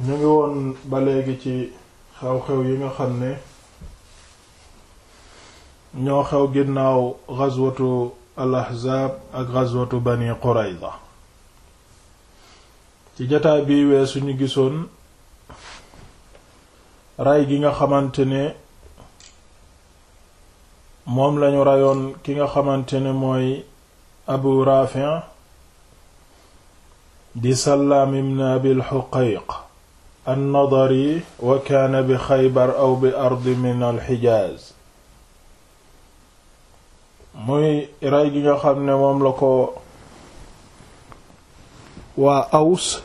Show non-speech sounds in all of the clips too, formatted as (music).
ñu ngi woon ba léegi ci xew-xew yi nga xam ne ñoo xew ginnaaw ghazwatu al ahzaab ak ghazwatu bani la ci jataay bi weesu ñu gisoon ray gi nga xamante moom lañu rayoon ki nga xamante ne mooy abu rafi' di salaam ibn abil huqayq annadari wa kaana bi xaybar aw bi ardi min alxijaaz muy rey gi nga xam ne moom la ko waa aws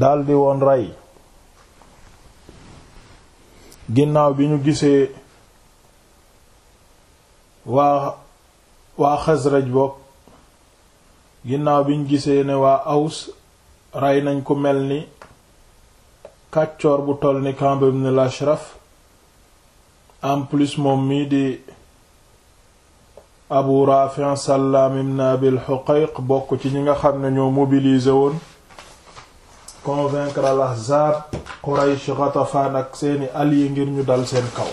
daldi woon rey ginnaaw bi ñu gisee waa waa xasraj bokk ginnaaw bi ñu gisee ne waa aws rey nañ ku mel ni kàccoor bu toll ni Kamb ibn al-Ashraf en plus moom mii di Abu Rafi' Sallaam ibn Abil bokk ci ñi nga xam ne ñoo mobilisé woon convaincre al-Ahzab Quraysh Ghatafan ak seeni alliés ngir ñu dal seen kaw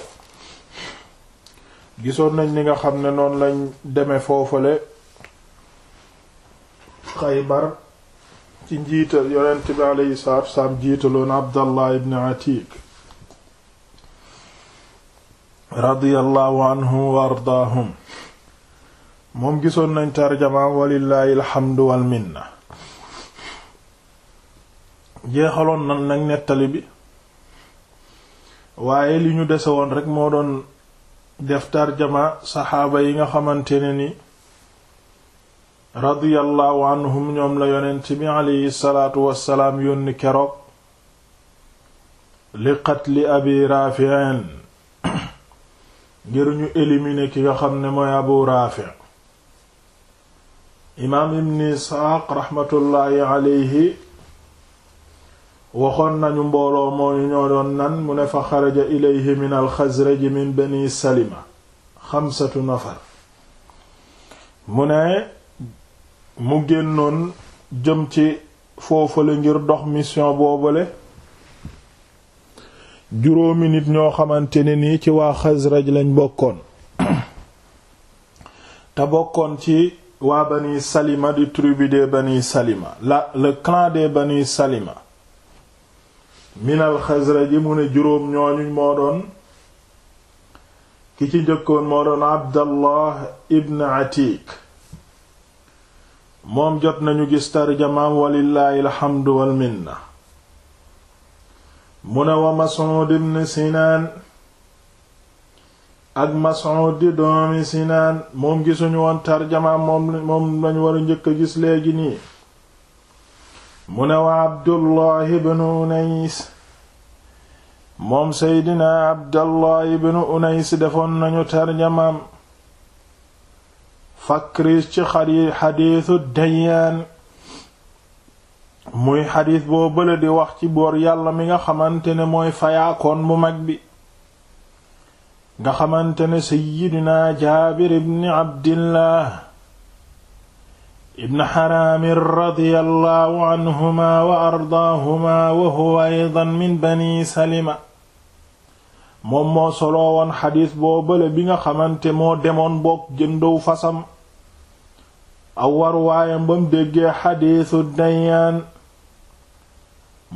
gisoon nañ li nga xam ne noonu lañ deme foofale Xaybar ci njiital yonent bi aleyhi salaatu wasalaam jiitaloon anhu wa ardaahum moom gisoon nañ tarjamaam walillaahi alxamdu wal jeexaloon nan nag nettali bi waaye li ñu dese woon rekk moo doon def tarjama saxaaba yi nga xamante ne ni radiyallahu anhum ñoom la yonent bi aleyhi salaatu wassalaam yónni keroog li qatli abi raafi'in ngir ñu éliminer ki nga xam ne mooy abu raafi imaam ibn isxaaq raxmatullaahi aleyhi waxoon nañu mbooloo moo ñu ñoo doon nan mu ne fa xaraja ilayhi min alxasraji min bani salima xamsatu nafar mu ne mu génnoon jëm ci foofale ngir dox mission boobale juróomi nit ñoo xamante ne nii ci waa Xasraj lañ bokkoon (coughs) te bokkoon ci waa Bani Salima di tribu des Bani Salima la le clan des Bani Salima minal Xasraj yi mu ne juróom ñooñu moo doon ki ci njëkkoon moo doon Abdallah ibn Atik moom jot nañu gis tarjamaam walillaahi alxamdu walminna mu ne wa Mas'ud ibn Sinaan ak Mas'ud di doomi Sinaan moom gisuñu woon tarjamaam moom moom lañu njëkk a gis léegi nii mu ne wa Abdullahi ibn Unays moom Seydina Abdullahi ibn Unays defoon nañu tarjamaam fakris ci xari xadiisu dayaan muy xadiis boo di wax ci boor yàlla mi nga xamante ne mooy fayaakoon bu mag bi nga xamante ne sayyidina jaabir ibni abdillah ibn xaraamin radiyallahu anhuma wa ardaahuma wa huwa aydan min bani salima moom moo soloo woon xadiis boo bële bi nga xamante moo demoon bokk jëndow fasam aw waruwaayam ba mu déggee xadiisu dayaan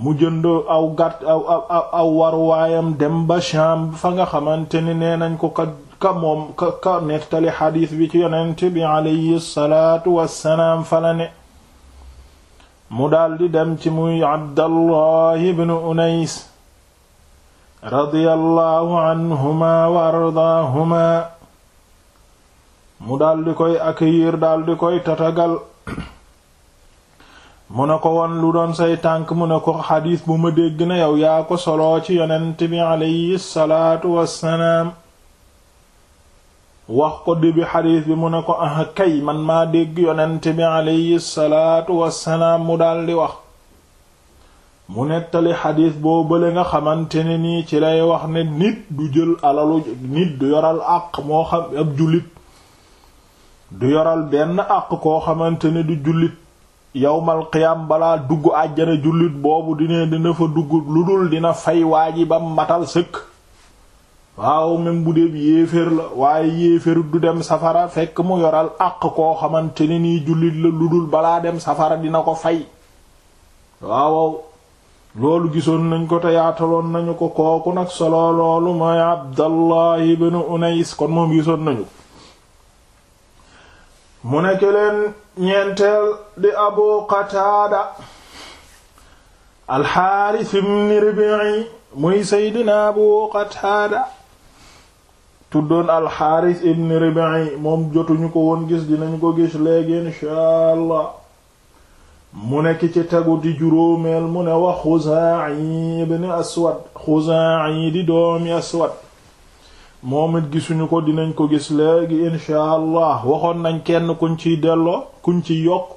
mu jënd aw gàtt aw aw aw dem ba Shaam fa nga xamante ni nee nañ ko ka moom ka ka nettali xadiis bi ci yonent bi aleyhi salaatu wassalaam fa la ne mu daldi dem ci muy Abdallahi ibnu Unays radiyallahu anhuma wa ardaahuma mu daldi koy accueillir daldi koy tatagal mu ne ko wan lu doon say tànk mu ne ko xadiis bu ma dégg na yow yaa ko soloo ci yonent bi aleyhi wax ko di bi xadiis bi mu ne ko ah kay man maa dégg yonent bi aleyhi salaatu wassalaam mu daldi wax mu nettali xadiis boo bële nga xamante ne nii ci lay wax nit du jël alalu nit du yoral àq moo xam ab jullit du yoral benn àq koo xamante ne du jullit yowmal qiyam balaa dugg àjjana jullit boobu dine dina fa dugg lu dul dina fay matal sëkk waaw même bu dee yéeféer la waaye yéeféer du dem safara fekk mu yoral àq koo xamante ne nii jullit la lu dul balaa dem safara dina ko fay waaw loolu gisoon nañ ko te yaataloon nañu ko kooku nag solo loolu mooy Abdallah ibn Unais kon moom gisoon nañu mu nekk leen ñeenteel di Abu Qataada Al-Haaris muy Seydina Abu Qataada tuddoon Al-Haaris ibn moom jotuñu ko woon gis dinañu ko gis léegi inshaa Allah mu nekk ci tegu di juróomeel mu ne wax Xuzaa'i ibn Aswad Xuzaa'i di doomi Aswad moom it gisuñu ko dinañ ko gis léegi inshaa allah waxoon nañ kenn kuñ ci delloo kuñ ci yokk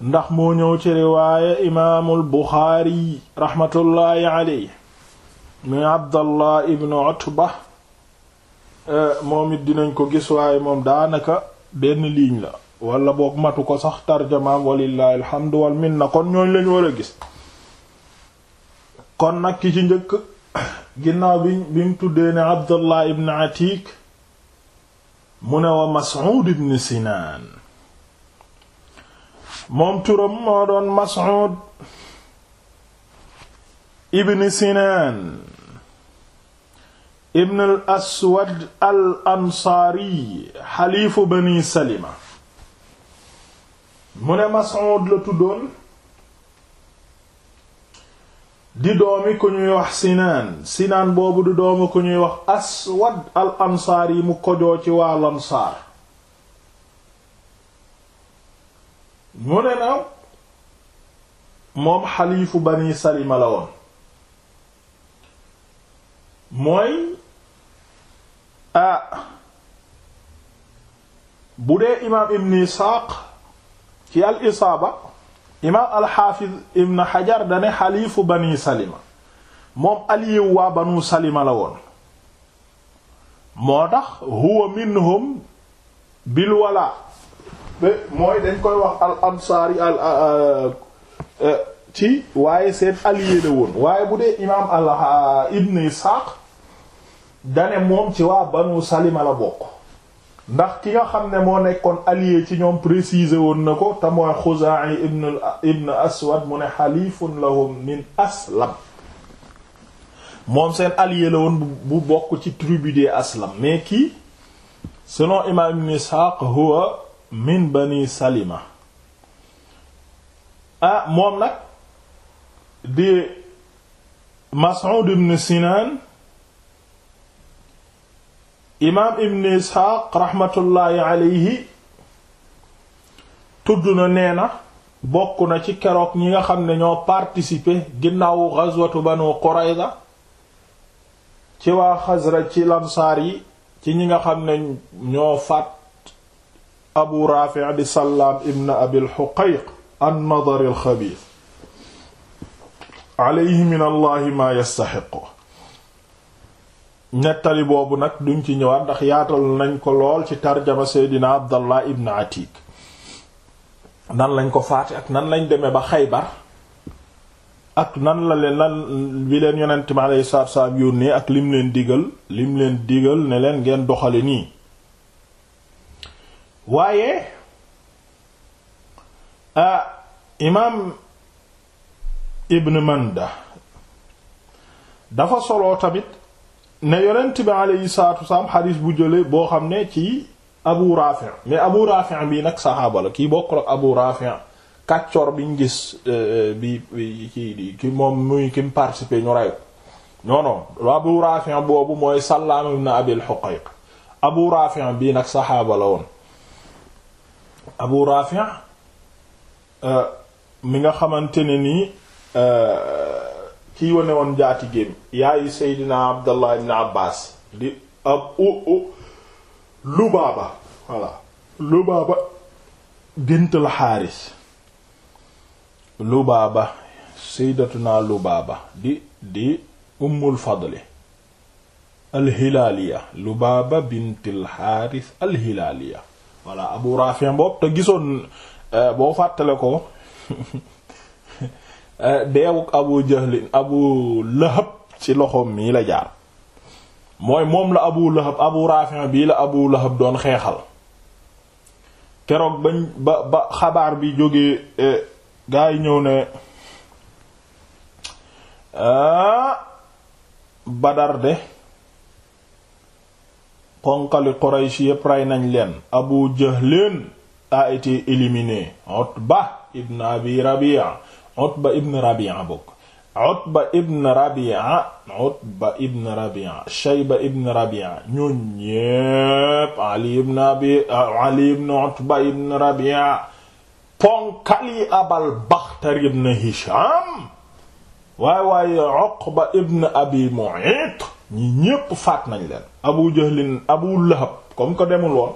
ndax moo ñëw ci riwaaya imaamul Buxaari raxmatullaahi alayhi muy Abdallah ibn Utba eh, moom it dinañ ko gis waaye moom daanaka benn liiñ la wala boog matu ko sax tarjamaam walillahi alhamdu wal minna kon ñooñ lañu war gis kon nag ki ci njëkk (coughs) ginnaaw bi bi mu tuddee atik mu wa mas'ud ibn sinaan moom turam moo doon sinaan ibn al aswad al bani salima mu ne Mas'ud la tuddoon di doomi ku ñuy wax Sinaan Sinaan boobu di doomi ku ñuy wax Aswad al yi mu kojoo ci waa Ansaar mu ne na moom xaliifu Bani Salima la woon mooy a ah, bu dee imaam Ibn Isaaq ci al isaaba imaam alxaafiz ibn xajar dane xaliifu bani salima moom aliyew waa banu salima la woon moo tax huwa minhum bil walaa mooy dañ koy wax al ansaari al ci waaye seen allié la woon waaye bu dee imaam al ibn isaaq dane moom ci waa banu salima la bokk ndax ki nga xam ne moo nekkoon allié ci ñoom préciser woon na ko te mooy Xuzaa'i ibn Aswad mu ne xalifun lahum min Aslam seen allié la woon bu bokk ci tribu Aslam mais kii selon imaam Ibn Isxaaq huwa min Bani Salima ah moom nag di Mas'ud ibn Sinan imaam ibn isxaaq raxmatullaahi tudd na nee na bokk na ci keroog ñi nga xam ne ñoo participer ginnaawu gazwatu banu qurayza ci waa xasra ci lamsaar yi ci ñi nga xam ne ñoo faat abu raafi di salaam ibn abil xuqayq al xabiis aleyhi min allahi ma nettali boobu nag duñ ci ñëwaat ndax yaatal nañ ko lool ci tarjama seydina abdallah ibn atik nan lañ ko faate ak nan lañ demee ba xaybar ak nan la leen nan bi leen yonent mi alayhi salaatu yónnee ak lim leen digal lim leen digal ne leen ngeen doxale nii waaye a imaam ibn manda dafa solo tamit ne yonent bi aleyhi salaatu wasalaam xadiis bu jële boo xam ne ci abu raafi mais abu raafi bii nag saxaaba la kii bokk ak abu raafi kàccoor biñ gis euh, bi ki ki moom muy ki mu participé ñu rey non non abu raafi boobu mooy Sallaam ibn Abil Huqayq abu raafi bii nag saxaaba la woon abu raafi euh, mi nga xamante ne nii euh, kii wane woon njaatigéem yaayu Seydina Abdallah ibn Abbas di ab u u Lubaaba voilà Lubaaba bint al-Haaris Lubaaba Seydatuna Lubaaba di di Ummul Fadli al-Hilaaliya Lubaaba bint al-Haaris al-Hilaaliya voilà Abu Rafi' boobu te gisoon eh, boo fàttale ko (laughs) Eh, deewuk abu jahlin abu lahab ci loxoom mii la jaar mooy moom la abu lahab abu raafi' bii la abu lahab doon xeexal keroog ba ba xabaar bi jógee eh, gaa yi ñëw ne ah, badar de ponkali Quraysh yépp rey nañ leen abu jahlin a été éliminé Utba ibn abi Rabi'a Utba ibn Rabi'a bokk Utba ibn Rabi'a Utba ibn Rabi'a Shayba ibn Rabi'a ñun ñépp Ali ibn Abi Ali ibn Utba ibn Rabi'a ponkali Abal Bakhtari ibn Hisham waaye waaye Uqba ibn Abi Mu'ayt ñi ñépp faat nañ leen Abu Jahlin Abu Lahab comme ko demul woon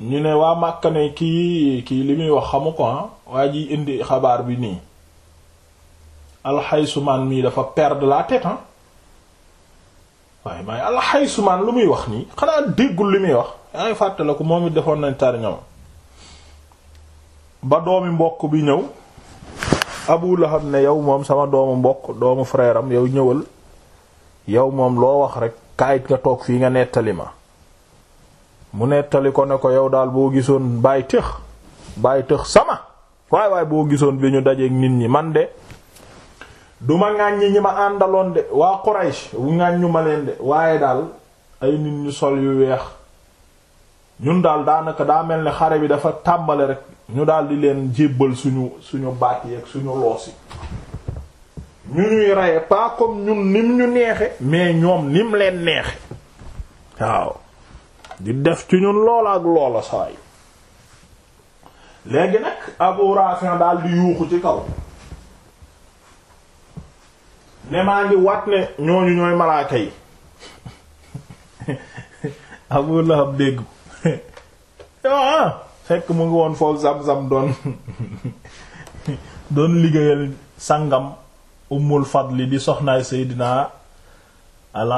ñu ne waa Màkka ne kii kii li muy wax xamu ko ah waa ji indi xabaar bi nii alxaysumaan mii dafa perdre la tête hein waaye maay alxaysumaan lu muy wax nii xanaa déggul li muy wax yaa ngi fàttaliku moom it defoon nañ tar ñoom ba doomi mbokk bi ñëw Abu Lahab ne yow moom sama doomu mbokk doomu frère am yow ñëwal yow moom loo wax rek kaayit nga toog fii nga nettali ma mu nettali ko ne ko yow daal boo gisoon bàyyi tëx bàyyi tëx sama waay waay boo gisoon bi ñu dajeeg nit ñi man de du ma ŋàññi ñi ma àndaloon de waa Quraysh bu ŋàññu ma leen de waaye daal ay nit ñu sol yu weex ñun daal daanaka daa mel ni xare bi dafa tàmbale rek ñu daal di leen jébbal suñu suñu baat ak suñu loosi ñu ñuy reye pas comme ñun nim ñu neexe mais ñoom nim leen neexe waaw di def ci ñun loola ak loola saay léegi nag Abu Rafi daal di yuuxu ci kaw ne maa ngi wat ne ñooñu ñooy malaaka yi (laughs) Abu Lahab dégg (laughs) ah fekk mu ngi woon foofu zam-zam doon (laughs) doon liggéeyal sangam Ummul Fadli di soxnaay Seydina Al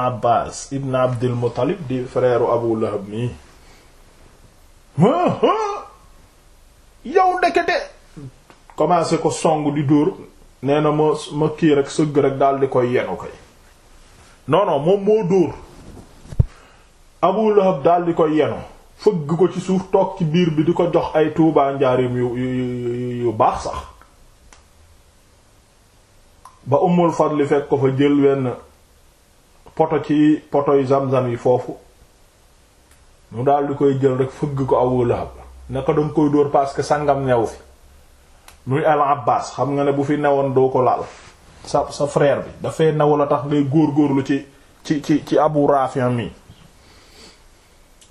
ibn Abdul Muttalib di frère Abu Lahab mi ah, ah. yow ndekete commencé ko song di dóor nee na ma ma kii rek sëgg rek daal di koy yenu koy non non moom moo dóor Abu Lahab daal di koy yenu fëgg ko ci suuf toog ci biir bi di ko jox ay tuubaa njaarim yu yu yu baax sax ba Ummul Fadli fekk ko fa jël wenn poto ci poto yu zam-zam yi foofu mu daal di koy jël rek fëgg ko Abu Lahab ne ko danga koy dóor parce que sangam new fi muy al abbas xam nga ne bu fi newoon doo ko laal sa sa frère bi dafay new la tax ngay góorgóorlu ci ci ci ci abu rafi mi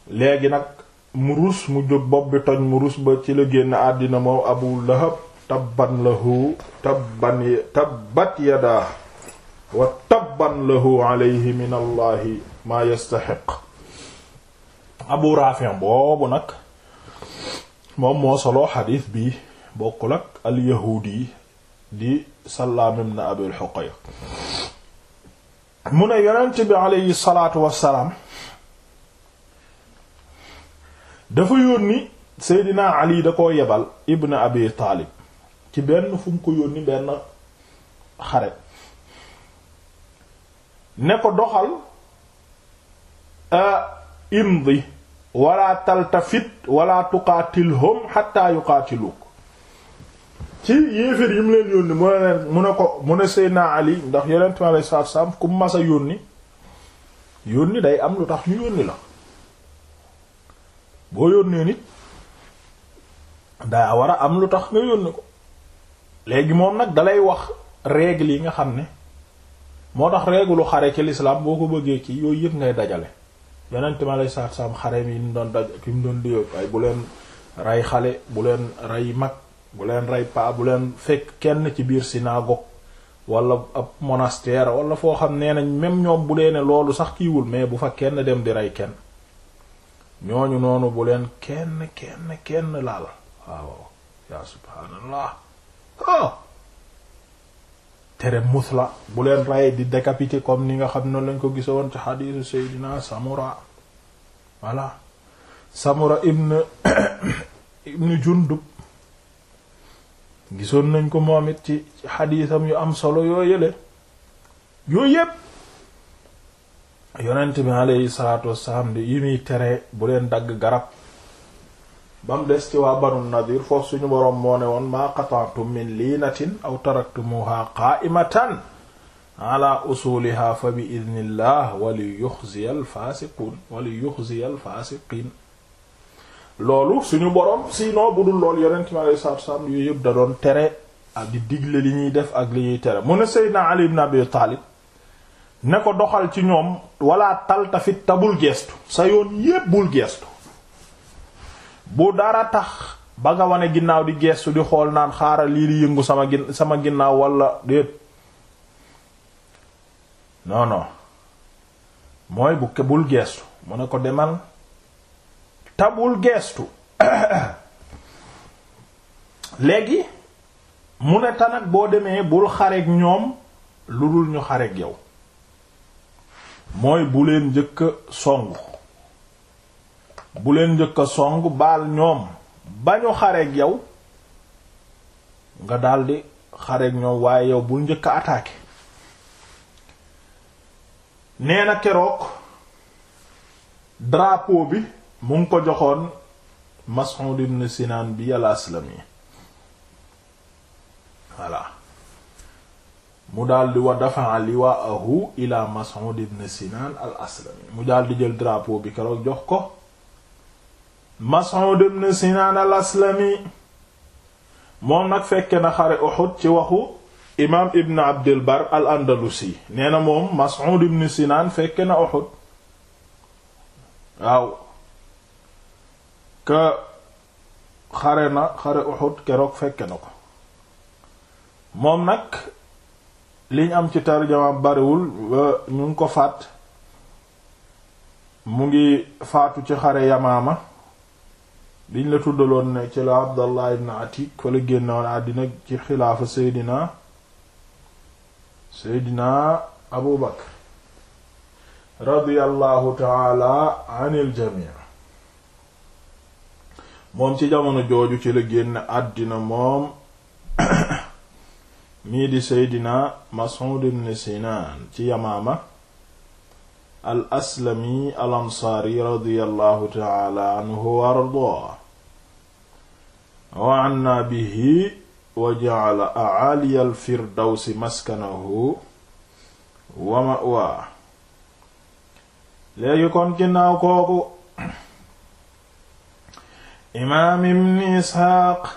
léegi nag mu mu jóg bopp bi toj mu rus ba ci la génn àddina moom abu lahab tabban lahu tabban tabbat yadaa wa tabban lahu alayhi min allahi maa yastaxiq abu rafi boobu nag moom moo solo xadiis bi bokkul ak alyahuudi di Sallaam ibn Abil Huqayq mu ne yonent bi aleyhi salaatu wassalaam dafa yónni Seydina Ali da koo yebal ibn Abi ci benn fu mu ko yónni benn xare ne ko doxal euh, imdi wala taltafit wala tuqaatilhum hatta yuqaatiluk ci yéeféer yi mu leen yónni mu ne leen mu ne ko mu ne Seydina Ali ndax yonent mi alayhi salaatu ku masa yónni yónni day am lu tax ñu yónni la boo yónnee nit daa war a am lu tax nga yónni ko léegi moom nag dalay wax règle yi nga xam ne moo tax règle lu xare ci l'islam boo ko bëggee ci yooyu yëpp ngay dajale yonent mi aleyhi salaatu salaam xare yi mu doon daj ki mu doon duyoo waaye bu leen rey xale bu leen rey mag bu leen rey paa bu leen fekk kenn ci biir synagogue wala ab monastère wala foo xam nee nañ même ñoom bu dee ne loolu sax kiiwul mais bu fa kenn dem di rey kenn ñooñu noonu bu leen kenn kenn kenn laal waaw yaa subhaanallah ah! tere musla bu leen rey di décapité comme ni nga xam ne lañ ko gisoon ci xadiisu Seydina Samura voilà Samura ibn (coughs) ibn Jundub gisoon nañ ko moom it ci xadiisam yu am solo yoo yële yooyu yépp yonent bi aleyhi salaatu wassalaam di yi muy tere bu leen dagg garab ba mu des ci waa banu nadir foofu suñu boroom moo ne woon maa qata'tum min liinatin aw taraktumuha qaa'imatan ala usuliha fa bi idnillah wali yuxziya alfaasiqun wali yuxziya loolu suñu boroom sinon bu dul lool yonent mi alei satu salaam yëpp da doon tere ak di digle li ñuy def ak li ñuy tere mu ne Seydina Ali ibn Abi Taalib ne ko doxal ci ñoom wala taltafit tabul geestu sa yoon yépp bul geestu bu dara tax ba nga wane ginnaaw di geestu di xool naan xaaral lii di yëngu sama gin sama ginnaaw walla déet non mooy bu ke bul geestu mu ne ko demal tabul geestu (coughs) léegi mu ne tanag boo demee bul xareeg ñoom lu dul ñu xareeg yow mooy bu leen njëkk song bu leen njëkk song baal ñoom bañu xareeg yow nga daldi xareeg ñoom waaye yow bul njëkk a attaqué nee na keroog drapeau bi mu ngi ko joxoon Mas'ud ibn Sinan bi al Aslami voilà mu daldi wa dafa'a liwa'ahu ila Mas'ud ibn Sinan al Aslami mu daldi jël drapo bi keroog jox ko Mas'ud ibn Sinaan al moom nag fekke na xare Uhud ci waxu imaam ibn Abdul al-Andalusi nee na moom Mas'ud Sinaan fekke na Uhud waaw ka xare na xare Uhud keroog fekke na ko moom nag liñ am ci tarjama bariwul ñu ngi ko faat mu ngi faatu ci xare Yamaama biñ la tuddaloon ne ci la Abdallah ibn Atik fa la génnoon àddina ci xilaafa Seydina Seydina Abu Bakr radiyallahu taala anil jamii moom ci jamono jooju ci la génn àddina moom (coughs) mii di Seydina Mas'ud ibn Sinaan ci Yamaama al aslami al ansaari radiyallahu taala anhu wa ardaa wa anna bihi wa ja'ala a'aliya al-firdawsi maskanahu wa ma'waa léegi kon ginnaaw kooku imaam ibn isxaaq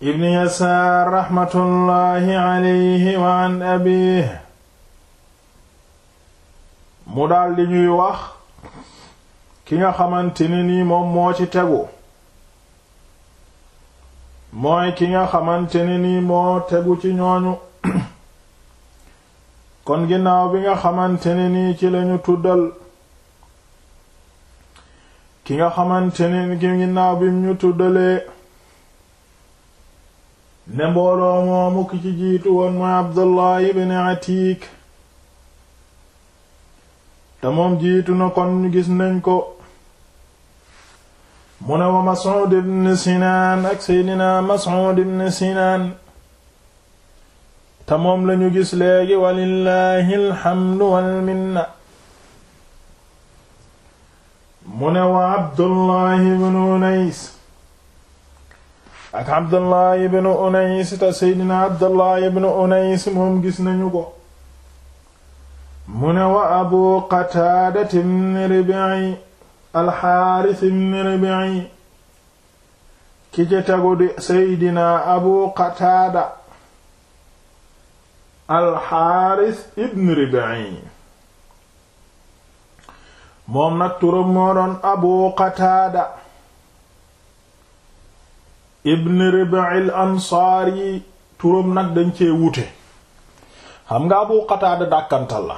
ibn yasaar raxmatullaahi alayhi wa an abiihi mu daldi ñuy wax ki nga xamante ne nii moom moo ci tegu mooy ki nga xamante ne nii moo tegu ci ñooñu (coughs) kon ginnaaw bi nga xamante ne nii ci lañu tuddal ki nga xamante ne ginnaaw bi ñu tuddalee ne mbooloo moomu ki ci jiitu woon mooy Abdullah ibn Atik te moom jiitu na kon gis nañ ko mu ne wa Mas'ud ibn Sinaan ak Seydina Mas'ud ibn Sinaan te moom lañu gis léegi walillahi alhamdu wal minna mu ne wa Abdullahi ibn Unays ak Abdullahi ibn Unays te Seydina gis nañu ko mu wa Abu Qataada ibn Rib'i alxaaris ibn Rabi'i ki ci tegu di seydina abu qataada alxaaris ibn Rabi'i moom nag turam moo doon abu qataada ibn Rabi'i ansaari turam nag dañ cee wuute xam nga abu qataada dàkkantal la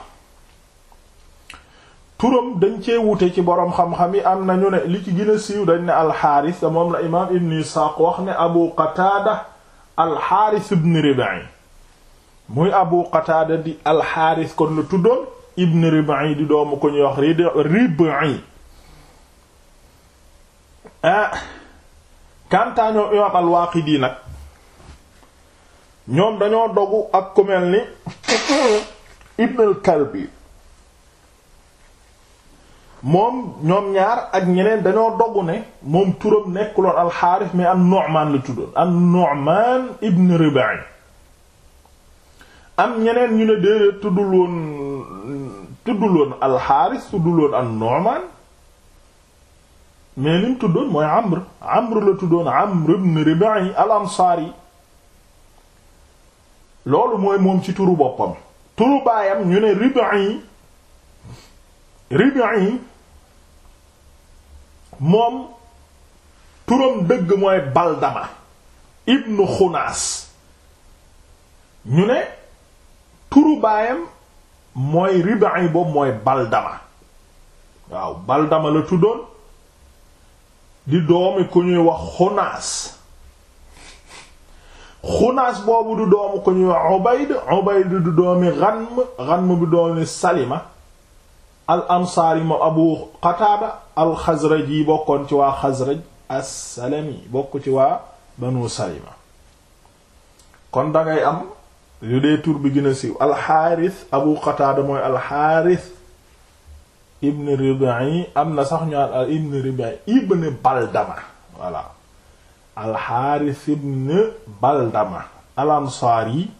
turam dañ cee wute ci boroom xam-xam yi am nañu ne li ci gën a siiw dañ ne alxaaris te moom la imaam ibn Isaaq wax ne abu qataada alxaaris ibn Rib'i muy abu qataada di alxaaris kon lu tuddoon ibn Rib'i di doomu ko ñuy wax Rib'i ah kantaa ñoom imaam al-Waaqidi nag ñoom dañoo dogu ak ku mel ni (coughs) ibn al-Kalbi moom ñoom ñaar ak ñeneen dañoo dogg ne moom turam nekkuloon alxaaris mais am Nu'man la tuddoon am ñeneen ñu ne déedéet mais lim tuddoon mooy la tuddoon Amr ibn Riba'i al loolu mooy ci turu boppam turu baayam ñu ne Riba'i Riba'i moom turam dëgg mooy Baldama ibnu Xunaas ñu ne turu baayam mooy Rib'i mooy Baldama waaw Baldama la tuddoon di doomi ku ñuy wax Xunaas Xunaas boobu du doomu ku ñuy wax Ubayd Ubayd du doomi Ghanm Ghanm du doomi Salima al ansaari moom abu qataada al xasraj yi bokkoon ci waa xasraj assalami bokk ci waa banu salima kon dangay am yu dee tur bi gën a siiw alxaaris abu qataada mooy alxaaris ibn ribai am na sax ñu al ibn ribai ibn baldama voilà alxaaris ibn baldama al yi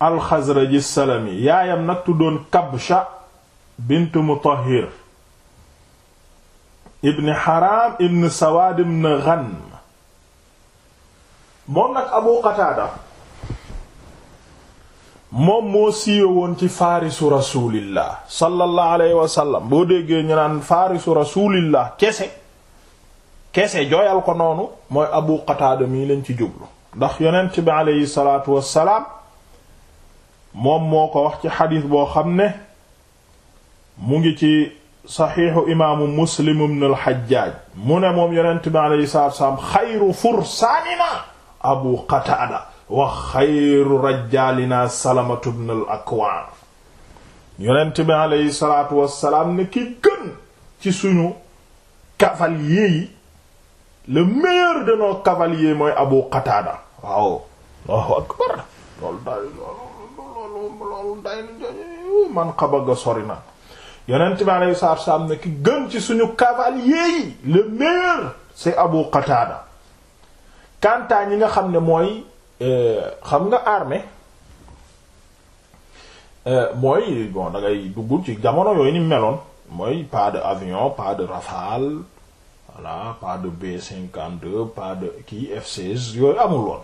alxazraji salami yaayam nag tuddoon kabsha bint mutahhir ibn haram ibn sawaad ibn ghanm moom nag abu qataada moom moo siiwe woon ci faarisu rasulillah sallallahu alayhi wa boo déggee ñu naan faarisu rasulillah kese kese jooyal ko noonu mooy abu qataada mii lañ ci jublu ndax yonent bi aleyhi salaatu wassalaam moom moo ko wax ci xadiis boo xam ne mu ngi ci saxiixu imaamu muslim ibn al mu ne moom yonent bi alayhi salaatu wa salaam xayru fursaanina abu qataada wa xayru rajaalina salamatu ibn al-Akwaan bi alayhi salaatu wa suñu cavalier yi le meilleur Allahu akbar loolu day man xaba nga sori na yonent bi alayhi salaatu salaam ki gën ci suñu cavalier yi le meilleur c'est Abu Qatada kantaa ñi nga xam ne mooy euh, xam nga armée euh, mooy bon da duggul ci jamono yooyu ni meloon mooy pas de avion pas de rafale voilà pas de b pas de kii F-16 yooyu amul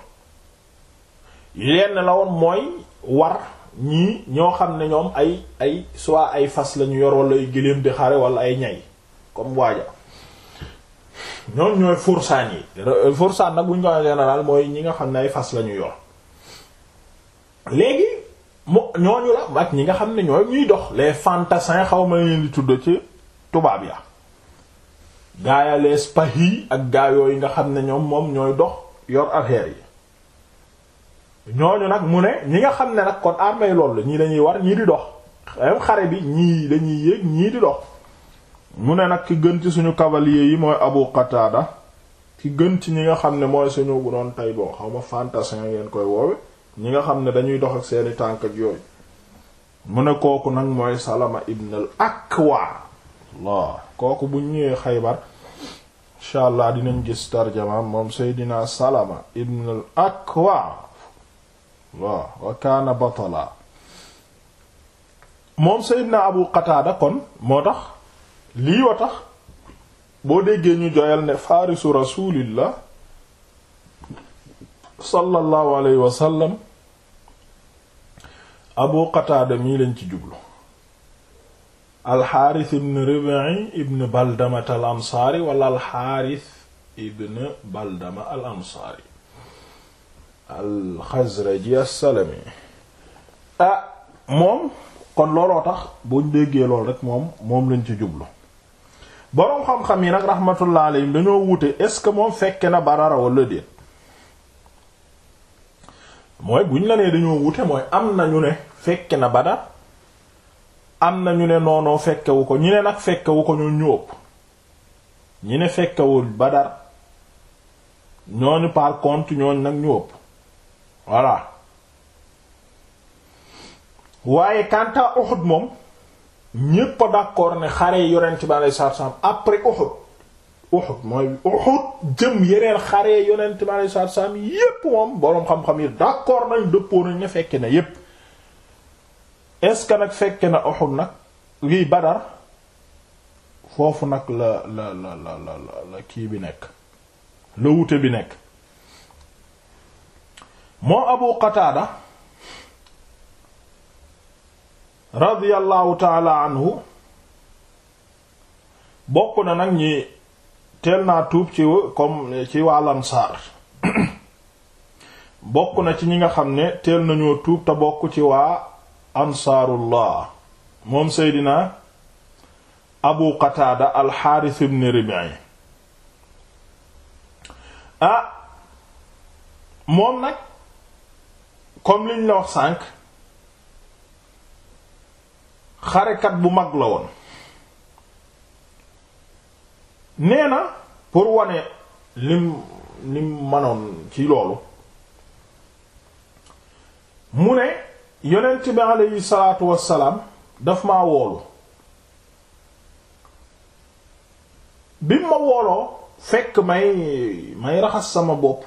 yenn la woon mooy war ñii ñoo xam ne ñoom ay ay soit ay fas lañu yor wala ay gëléem di xare wala ay ñay comme waaja ñoom ñooy fursaan yi fursaan nag bu ñu ko mooy ñi nga xam ne ay fas lañu yor léegi mu ñi nga xam ne ñooy ñuy dox les fantassins xaw ma leen di tudd ci tubaab ya gaaya les ak gaayoo yi nga xam ne ñoom moom ñooy dox yor affaire yi ñooñu nag mu ne ñi nga xam ne nag kon armée loolu la ñii dañuy war ñii di dox xare bi ñii dañuy yéeg ñii di dox mu ne nag ki gën ci suñu cavalier yi mooy Abu Qatada ki gën ci ñi nga xam ne mooy suñu doon tay boo xaw ma fantassin ngeen koy woowe ñi nga xam ne dañuy dox ak seeni tànk ak yooyu mu ne kooku nag mooy Salama ibn al Akwa Allah kooku bu ñëwee Xaybar incha allah dinañ gis tarjama moom Seydina Salama ibn al Akwa waaw wa kaana batala moom Seydina Abu Qataada kon moo tax lii wa tax boo déggee ñu joyal ne faarisu rasulillah sallallahu alayhi wa sallam Abu Qataada mii lañ ci jublu alxaaris ibn Rib'i ibn Baldama al ansaari wala alxaaris ibn Baldama al ansaari alxazraji assalami ah moom kon looloo tax buñ déggee lool rek moom moom lañ ci jublu boroom xam-xam yi nag rahmatullah alayhim dañoo wute est-ce que moom fekke na barara wala déet mooy buñ la nee dañoo wute mooy am na ñu ne fekke na badar am na ñu ne noonoo fekkewu ko ñu ne nag fekkewu ko ñun ñu ëpp ñi ne fekkewul badar ñooñu par contre ñooñu nag ñu ëpp voilà waaye kanta Uhud moom ñépp a d'accord ne xare yi yonent bi alayhi salaatu salaam après Uhud Uhud mooy Uhud jëm yeneen xare yonent bi alayhi salaatu salaam yépp moom boroom xam-xam yi d'accord nañ dëppoo nañ ne fekke na yépp est nag fekke na Uhud nag lii Badar foofu nag la la la la la la kii bi nekk la wute bi nekk moom abu qataada radiyallahu taala anhu bokk na nag ñi teel naa tuub ci comme ci waa lansaar (coughs) bokk na ci ñi nga xam ne teel nañoo tuub te bokk ci waa ansaarullah moom seydina abu qataada alxaaris ibn ribi ah moom nag comme liñ la wax sànq xarekat bu mag la woon nee na pour wane lim lim manoon ci loolu mu ne yonent bi aleyhi salaatu salaam daf maa woolu bi ma wooloo fekk may may raxas sama bopp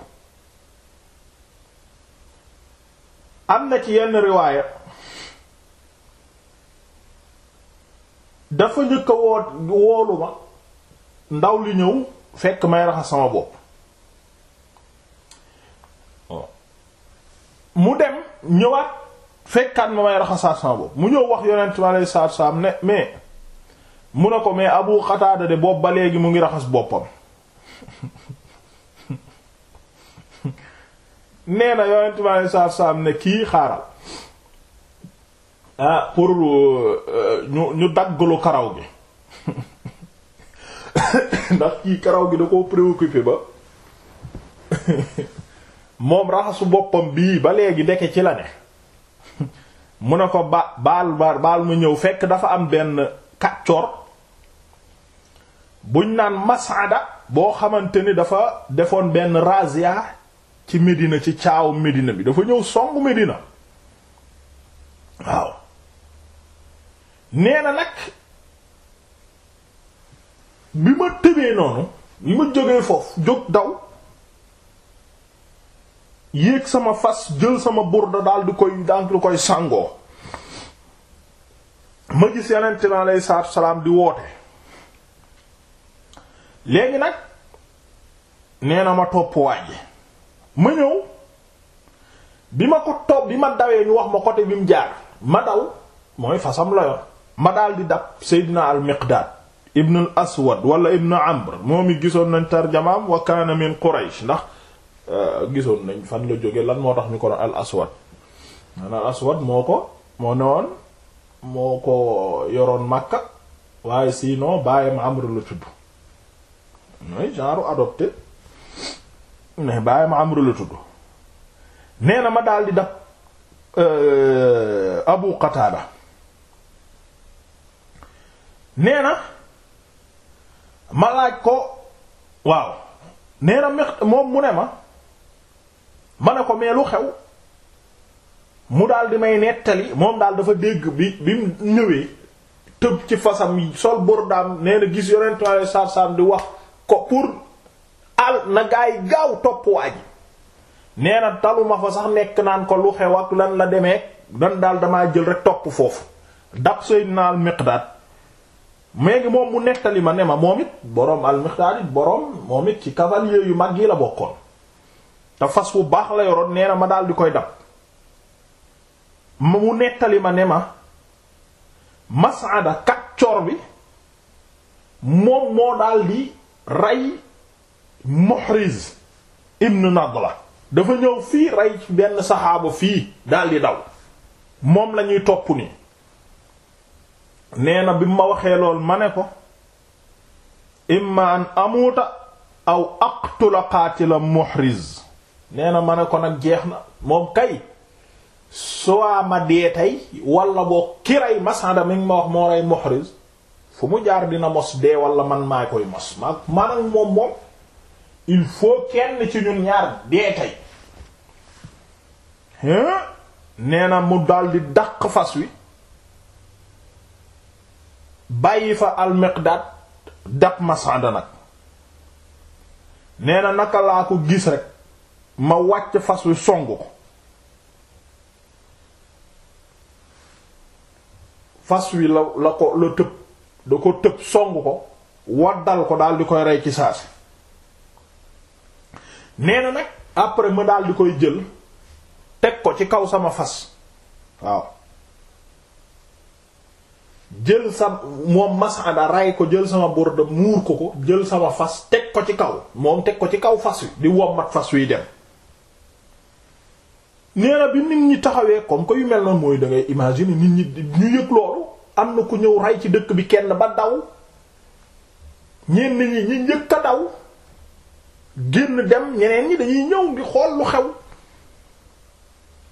am na ci yenn riwaaya dafa njëkk a woo woolu ma ndaw li ñëw fekk may raxas sama bopp mu dem ñëwaat fekkaat ma may raxasaat sama bopp mu ñëw wax yonent mi alayhi salaatu saam ne mais mu ne ko mais Abu Xataada de bopp ba léegi mu ngi raxas boppam nee na yonent bi alei salaatu ne kii xaaral ah, pour euh, ñu ñu daggalu karaw gi (laughs) ndax kii karaw gi da koo préoccupé ba (laughs) moom raxasu boppam bii ba léegi ndeke ci la ne (laughs) mu ne ko ba baal baal mu ñëw fekk dafa am benn kàccor buñ naan masada boo xamante ni dafa defoon benn rasia ci Medina ci caawu Medina bi dafa ñëw songu Medina waaw nee na nag bi ma tëbee noonu bi ma jógee foofu jóg daw yéeg sama fas jël sama burda daal di koy daal di koy sàngoo ma gis yonent bi aleyhi salaam di woote léegi nag nee na ma topp waaji ma ñëw bi ma ko toog bi ma dawee ñu wax ma côté bi mu jaar ma daw mooy fasam la ma daal di dab Seydina al Miqdaad ibn al Aswad wala ibn Amr moom i gisoon nañ tarjamaam wa kaana min Quraysh ndax euh, gisoon nañ fan la jóge lan moo tax ñu ko doon al Aswad moo ko moo newoon moo ko yoroon Makka waaye sinon bàyyam Amr la tudd mooy genre adopté mais bàyyam Amru la tudd nee na ma daal di dab euh, Abu Qataada nee na ma laaj ko waaw nee na moom mu ne ma ma ne ko mais lu xew mu daal di may nettali moom daal dafa dégg bi bi mu tëb ci fasam yi sol burdaam nee gis yonentu Yàlla saar saar di wax ko pour daal na gaa yi gaaw topp waa ji nee na taluma fa sax nekk naan ko lu xew ak lan la demee dan daal damaa jël rek topp foofu dab Seydina al-Miqdaad léegi moom mu nettali ma ne ma moom it boroom al it boroom moom it ci cavalier yu mag yi la bokkoon te fas bu baax la yoroon nee na ma daal di koy dab mu nekkali ma ne ma Mas'ada kaccoor bi moom moo daal di rey Muhriz ibn Nadla dafa ñëw fii rey ci benn saxaaba fii daldi daw moom lañuy topp nii nee na bi ma waxee lool ma ne ko imma an aw aqtula qaatila Muhriz nee na ma ne ko nag jeex na moom kay soo ma dee tey walla boo kiray masanda mi ngi ma wax moo rey Muhriz fu mu jaar dina mos dee walla man maa koy mos maa maa nag moom moom il faut kenn ci ñun ñaar dee tey nee na mu daldi dàq fas wi bàyyi fa al-Miqdaad dab Mas'ada nag nee na naka laa ko gis rek ma wàcc fas wi songu ko fas wi la la ko la tëb da ko tëb songu ko waddal ko daldi koy rey ci saasi nee na nag après ma daal di koy jël teg ko ci kaw sama fas waaw jël sa moom masada ray ko jël sama burda muur ko ko jël sama fas teg ko ci kaw moom teg ko ci kaw fas wi di wommat fas wiy dem nee bi nit ñi taxawee comme que yu mel noonu mooy da ngay imaginer nit ñi ñu yëg loolu am na ku ñëw ray ci dëkk bi kenn ba daw ñenn ñi ñi njëkk a daw génn dem ñeneen ñi dañuy ñëw di xool lu xew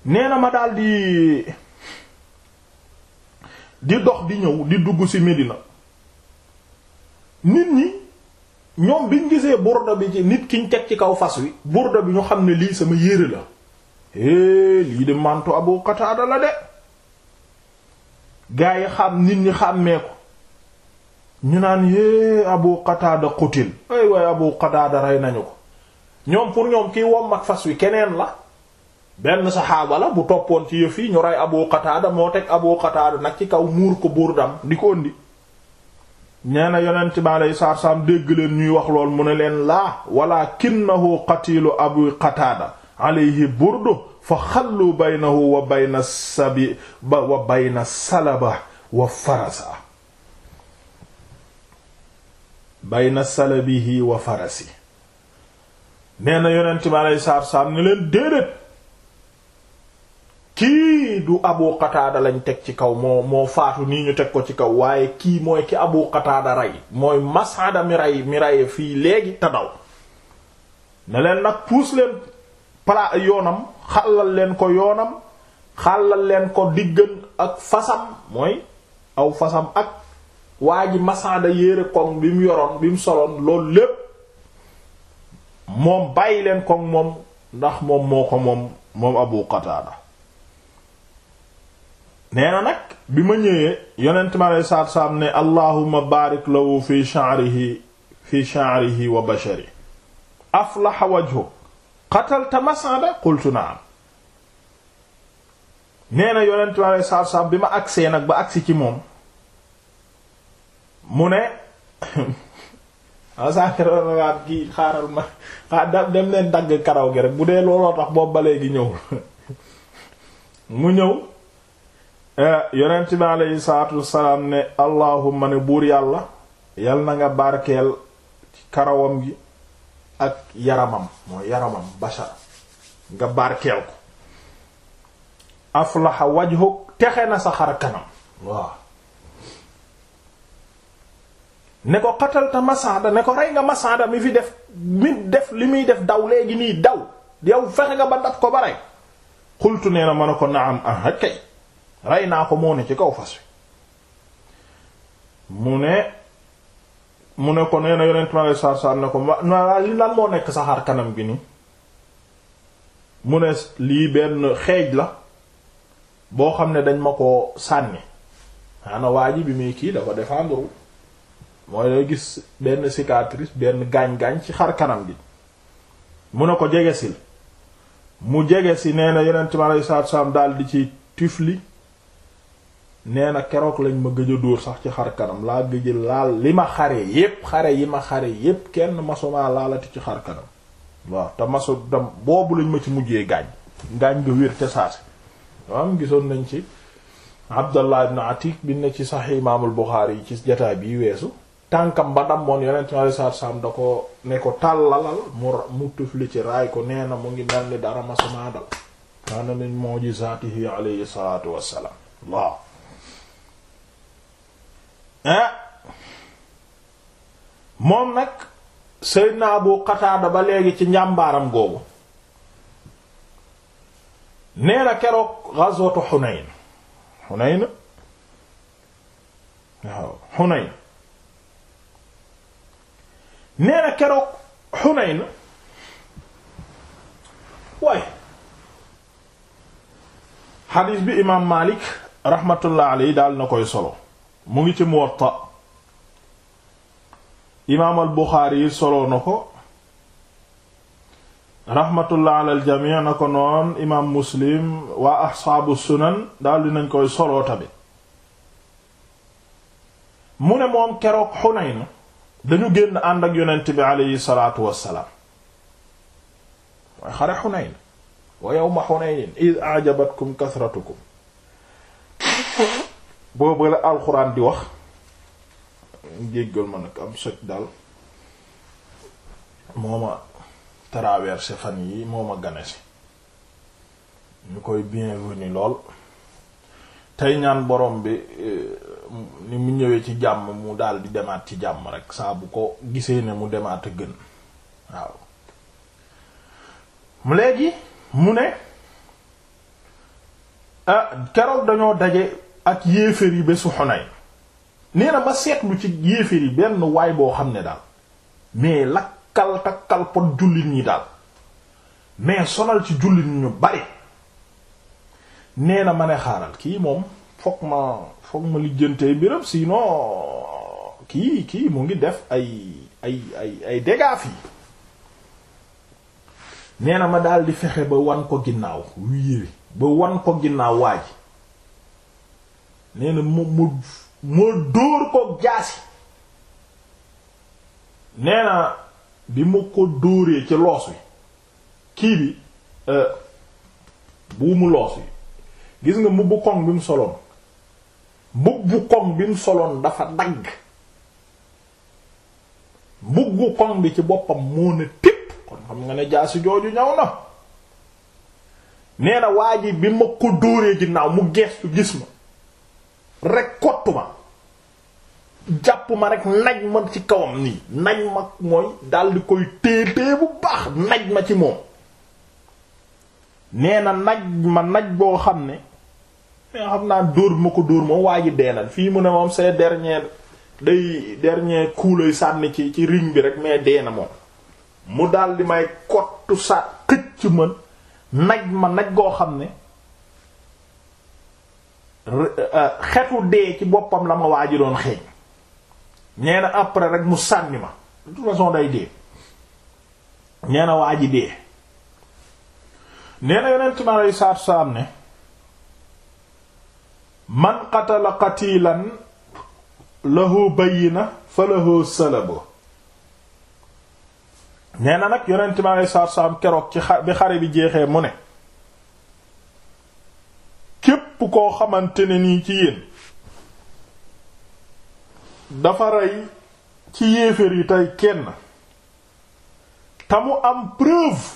nee na ma daal di di dox di ñëw di dugg ci Medina nit ñi ñoom biñ gisee burda bi ci nit kiñ teg ci kaw fas wi burda bi ñu xam ne lii sama yére la é lii de manto Abu Qatada la de gaa yi xam nit ñi xàmmeeku ñu naan yée Abu Qatada qutil ay waaye Abu Qatada rey nañu ko ñoom pour ñoom kiy wom fas wi keneen la benn saxaaba la bu toppoon ci yëf yi ñu rey Abu Qatada moo teg Abu Qatada nag ci kaw muur ko buurdam di ko ëndi nee na yonent bi aleyhi salaatu salaam dégg leen ñuy wax lool mu ne leen laa walaakinnahu qatilu Abu Qatada alayhi burdu fa xallu baynahu wa bayna sabi wa bayna salaba wa farasa bayna salabihi wa farasi nee na yonent bi aleyhi salaatu salaam ne leen déedéet kii du abu xataada lañ teg ci kaw moo moo faatu nii ñu teg ko ci kaw waaye kii mooy ki abu qataada rey mooy masada mi rey fii léegi te daw nag puus leen pala yoonam xàllal leen ko yoonam xàllal leen ko diggan ak fasam mooy aw fasam ak waa ji masanda yére koŋ bi mu yoroon bi mu soloon loolu lépp moom bàyyi leen koŋ moom ndax moom moo ko moom moom Abu Qataada nee na nag bi ma ñëwee yonent ma lay saat saam ne allahumma barik lahu fi sha'rihi fi sha'rihi wa bashari aflaha wajhu qatalta masanda qultu na'am nee na yonent ma lay saat saam bi ma agsee nag ba agsi ci moom mu ne asanrnawaan gi xaaral ma xaa dem leen dagg karaw gi rek bu dee looloo tax boobu ba léegi ñëwul mu ñëw eh, yonent bi aleyhi salaatu wasalaam ne allahumma ne buur yàlla yal na nga barkeel karawam gi ak yaramam mooy yaramam bashar nga barkeel ko aflaha wajhuk texe na sa xar kanam waaw ne ko qatalta Mas'ada ne ko rey nga Mas'ada mi fi def mi def li muy def daw léegi nii daw yow fexe nga ba daf ko ba rey xultu nee na ma ne ko naam ah kay naa ko moo ne ci kaw fas wi mu ne ko li lan moo nekk saxaar kanam gi nii mu ne lii benn xeej la boo xam ne dañ ma ko sànni xanaa waa ji bi muy kii dafa défendre mooy lay gis benn cicatrice benn gaañ-gaañ ci xar kanam gi mu ne ko jegesil mu jege si nee na yeneen mi aleyi salaatu salaam daal di ci tifli nee na keroog lañ ma gëj a dóor sax ci xar kanam laa gëj laal li ma xare yépp xare yi ma xare yépp kenn masuma laalati ci xar kanam waaw te masu dam boobu lañ ma ci mujjee gaañ gaañ nga wér te saasi am gisoon nañ ci Abdallah ibn Atik bi na ci sax imaamul Buxaari yi ci jataay bii weesu tànkam ba dammoon yonent mi alayhi salaatu salaam da ko ne ko tàllalal mu mu tufli ci raay ko nee mu ngi mel ni dara masuma dal kaana min mu'jizaatihi alayhi salaatu wassalaam eh? moom nag Seydina Abu Qataada ba léegi ci njàmbaaram googu nee keroog ghazwatu Hunayn Hunayn waaw nee na keroog Xunayn waaye bi imaam Maalik rahmatullah alayhi daal na koy solo mu ngi ci Muwatta imaam al Buxaari yi solo na ko rahmatullah ala aljamii na ko noon imaam Muslim waa asxaabu sunan daal dinañ koy solo tamit mu ne moom keroog Xunayn dañu génn ànd ak yonent bi aleyhi salaatu wassalaam mooy xare xunayn wa yawma xunayn id ajabatkum kasratukum boobu la alxuraan di wax jéggal ma nag am soj daal moo ma traversé fan yi moo ma gane si ñu koy bienvenu lool tey ñaan borom bi euh, ni mu ñëwee ci jàmm mu daal di demaat ci jàmm rek saa bu ko gisee ne mu demaat a gën waaw mu léegi mu ne ah, keroog dañoo daje ak yéeféer yi ba su xonay ma seetlu ci yéeféer yi benn waay boo xam ne daal mais lakkal takkal pot jullit ñi daal mais sonal ci jullit ñu bari nee na ma ne xaaral kii moom foog ma foog ma lijjantee mbiram sinon kii kii mu ngi def ay ay ay ay dégâts fii na ma daal di fexe ba wan ko ginnaaw wiiri ba wan ko ginnaaw waaj nee na ma ma dóor ko jaasi nee bi mu ko dóoree ci loos wi kii bi euh, buumu loos wi gis nga mubbu koŋ bi mu soloon mbubbu koŋ bi mu soloon dafa dagg mbubbu koŋ bi ci boppam moo ne tépp kon xam nga ne jaasi jooju ñaw na nee na waa bi ma ko dóoree ginnaaw mu geestu gis ma rek kottu ma jàpp ma rek naj ma ci kawam nii naj ma mooy daldi koy téye téye bu baax naj ma ci moom nee na naj ma naj boo xam ne mais (laughs) xam naa dóor bu ma ko dóor moom waa ji deenal fii mu ne moom c'est dernier day dernier coup lay sànni ci ci ring bi rek mais deena moom mu daal di may kottu sa xëcc man naj ma naj goo xam ne euh, xetu dee ci boppam la ma waa ji doon xeeñ nee na après rek mu sànni ma de toute façon day dee nee na waa dee nee na yonent mi aleyhi salaatu wa salaam ne man qatala qatilan lahu bayyina fa lahu salabu nee na nag yonent mi aleyhi salaatu salaam keroog ci bi xare bi jeexee mu ne képp koo xamante ne nii ci yéen dafa rey ci yéeféer yi tey kenn te mu am preuve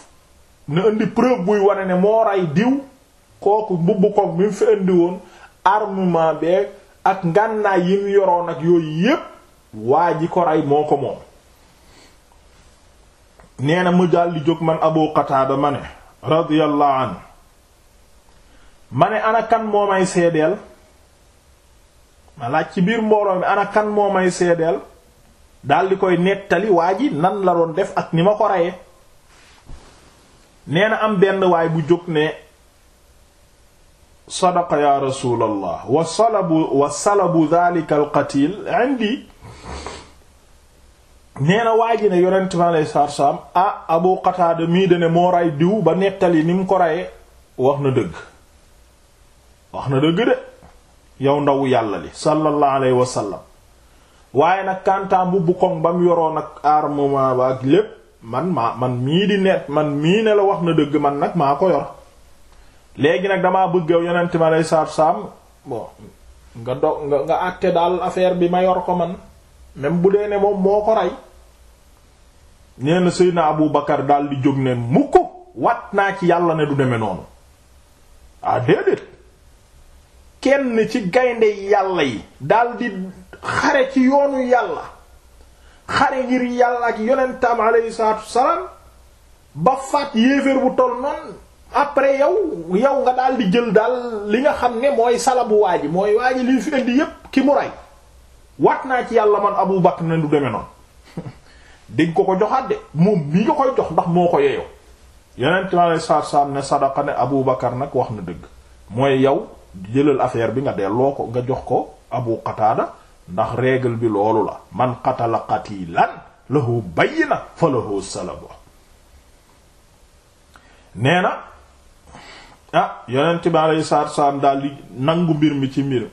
na indi preuve buy wane ne moo rey diw kooku mbubb koog bi mu fi indi woon armement beeg ak ngànnaay yi mu yoroon ak yooyu yépp waa ji ko rey moo ko moom nee na mu daldi jóg man Abu Qataada ma ne radiyallahu anhu ma ne ana kan moo seedeel ma laaj ci biir mbooloo mi ana kan moo seedeel daldi koy nettali waa ji nan la doon def ak ni ma ko reyee nee na am benn waay bu jóg ne sadaqa ya rasulallah wa salabu wa salabu dhalika alqatil indi nee na waa ji ne yonent mi salaam ah abu qataada mii dane moo ray diw ba nettali ni mu ko rayee wax na dëgg wax na dëgg de yow ndaw yàlla li sallallahu alayhi wa sallam waaye nag kantaan bu bu koŋ ba mu yoroon ak armement ba ak lépp man maa man mii di net man mii ne la wax na dëgg man nag maa ko yor léegi nag damaa bëgg yonent ma lay saab saam nga do nga nga daal affaire bi ma yor ko man même bu dee ne moom moo ko rey nee na Abu Bakar dal di jóg ne mu ko wat naa ci yàlla ne du deme noonu ah déedéet kenn ci gaynde yàlla yi daal di xare ci yoonu yàlla xare ngir yàlla ak yonentam alayhi salaatu wa salaam ba faat yéeféer bu toll noonu après yow yow nga daal di jël daal li nga xam ne mooy salabu waa ji mooy waa ji li fi indi yépp ki mu rey wat naa ci yàlla man Abu Bakr na du deme noonu (laughs) dégg ko ko joxaat de moom mii nga koy jox ndax moo ko yeyoo yeneen ma lay saar saam ne sadaka ne Abu Bakr nag wax na dëgg mooy yow jëlal affaire bi nga delloo ko nga jox ko Abu Qatada ndax règle bi loolu la man qatala qatilan lahu bayyina falahu salabu nee na ah yonent bi alayhi salaatu salaam daal di nangu mbir mi ci mbir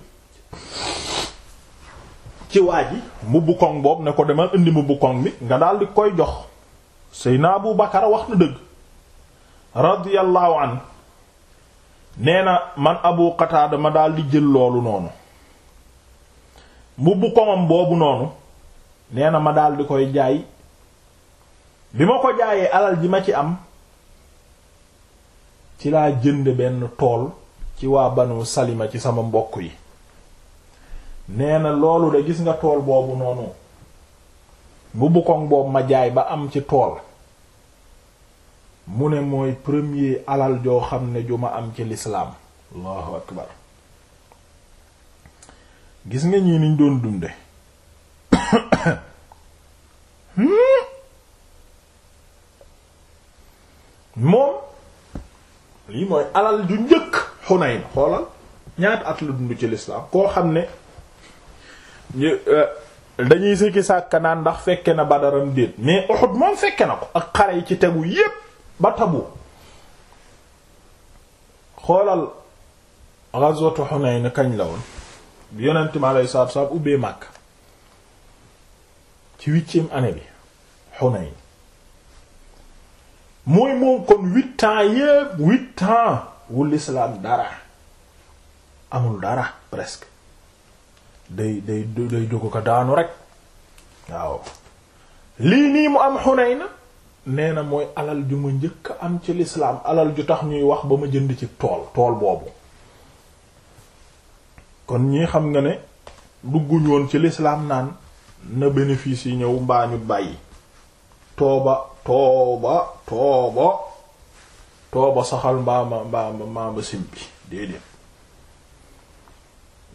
ci waa ji mubbu koŋ boobu ne ko demal indi mubbu koŋ bi nga daal di koy jox Seydina Abu Bakar wax na dëgg radiyallahu an nee na man Abu Qatada ma daal di jël loolu noonu mbubbu koŋam boobu noonu nee na ma daal di koy jaay bi ma ko jaayee alal ji ma ci am ci laa jënd benn tool ci waa banu salima ci sama mbokk yi nee na loolu de gis nga tool boobu noonu bu bukkoŋ boobu ma jaay ba am ci tool mu ne mooy premier alal joo xam ne ju ma am ci lislaam allahu akbar gis nga ñii niñ doon dunde (coughs) hmm? moom lii mooy alal ju njëkk Xunayn xoolal ñaata at la dund ci lislaam koo xam ne euh, dañuy sikki sàkka naan ndax fekke na badaram déet mais Uhud moom fekke na ko ak xare yi ci tegu yépp ba tabu xoolal ghazwatu Hunayn kañ la woon bi yonent mi alayhi salaatu wa salaam ubbee Makka ci huitième année bi Hunayn mooy moom kon huit ans yépp huit ans wu l'islam dara amul dara presque day day day jóg ko daanu rek waaw lii nii mu am Hunayn nee na mooy alal ju ma njëkk am ci lislaam alal ju tax ñuy wax ba ma jënd ci tool tool boobu kon ñii xam nga ne dugguñ woon ci lislaam naan na bénéfice yi ñëw mbaa ñu bàyyi tooba tooba tooba tooba saxal mbaama mbaama mbaama simpi déedéet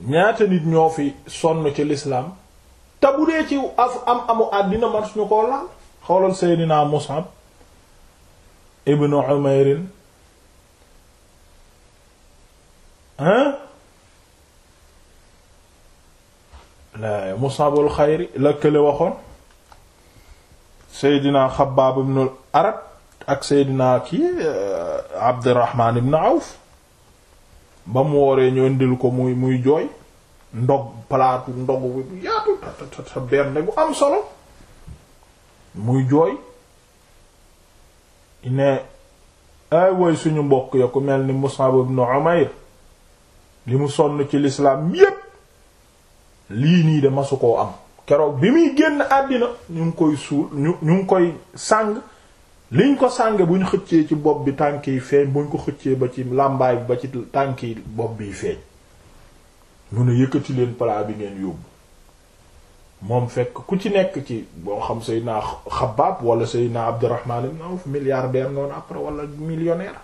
ñaata nit ñoo fi sonn ci l'islam te bu dee ci af am amu àddina man suñu koo laal xoolal seydinaa Mus'ab ibnu Umayrin hein la Mus'abul xayri la kële waxoon Seydina Xabbaab ibnul Arat ak Seydina kii eh, Abdurrahman ibn Awf ba mu wooree ñu indil ko muy muy jooy ndog palaatu ndog bu yaatu ta bernde bu am solo muy jooy ne ay woy suñu mbokk ya ku mel ni Mus'ab ibn Umayr li mu sonn ci lislaam yépp lii nii de masu koo am keroog bi muy génn àddina ñu ngi koy suul ñu ñu ngi koy sàng liñ ko sàng bu ñu xëccee ci bopp bi tànk yi feeñ bu ñu ko xëccee ba ci làmbaay bi ba ci tànk yi bopp bi feeñ mu ne yëkkati leen palaa bi ngeen yóbbu moom fekk ku ci nekk ci boo xam Seydina Xabbaab wala Seydina Abdurrahman ibn Awf milliardaire nga woon après wala millionnaire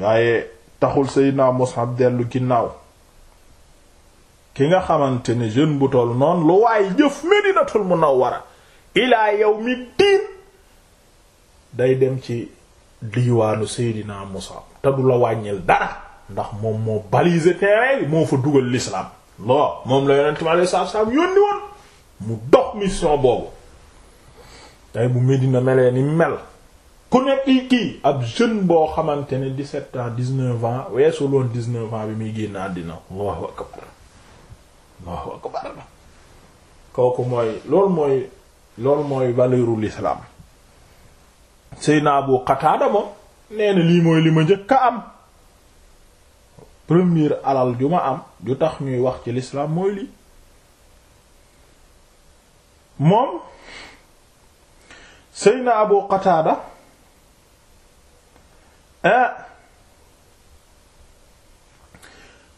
waaye taxul Seydina Mus'ab dellu ginnaaw ki nga xamante ne jeune bu toll noonu lu waaye jëf Medinatul Munawwara ilaa yawmi diin day dem ci diiwaanu Seydina Musa te du la wàññil dara ndax moom moo balisé terrain moo fa dugal l'islam lo moom la yonent mi alayhi salaam yónni woon mu dox mission boobu tey bu Medina melee ni mel ku nekk kii ab jeune boo xamante ne dix-sept ans dix-neuf weesu loon dix-neuf bi muy génn àddina Allahu akbar Allahu akbar kooku mooy loolu mooy loolu mooy valeuru l'islam Seydina Abu Qatada moom nee lii mooy li ma njëkk a am première alal ju ma am ju tax ñuy wax ci l'islam mooy lii moom Seydina Abu Qatada eh,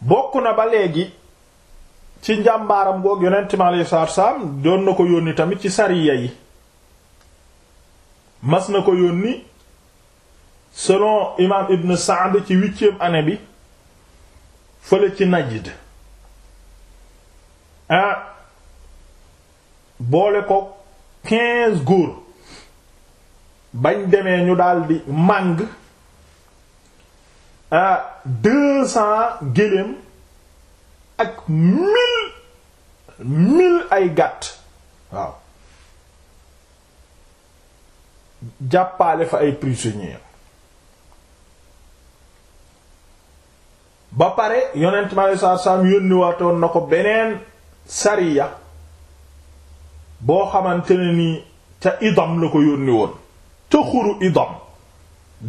bokk na ba léegi ci njàmbaaram goog yonent mi alayhi salaatu salaam na ko yónni tamit ci sariya yi mas na ko yónni selon imaam Ibn Saad ci huitième année bi fële ci Najd ah boole ko quinze góor bañ demee ñu daldi màng ah deux ak mille mille ay gàtt waaw jàppale fa ay prisonniers ba pare yonent mi alei saatu salaam yónniwaatoon na ko beneen sariya boo xamante ne ni ca idam la ko yónni woon ca xuru idam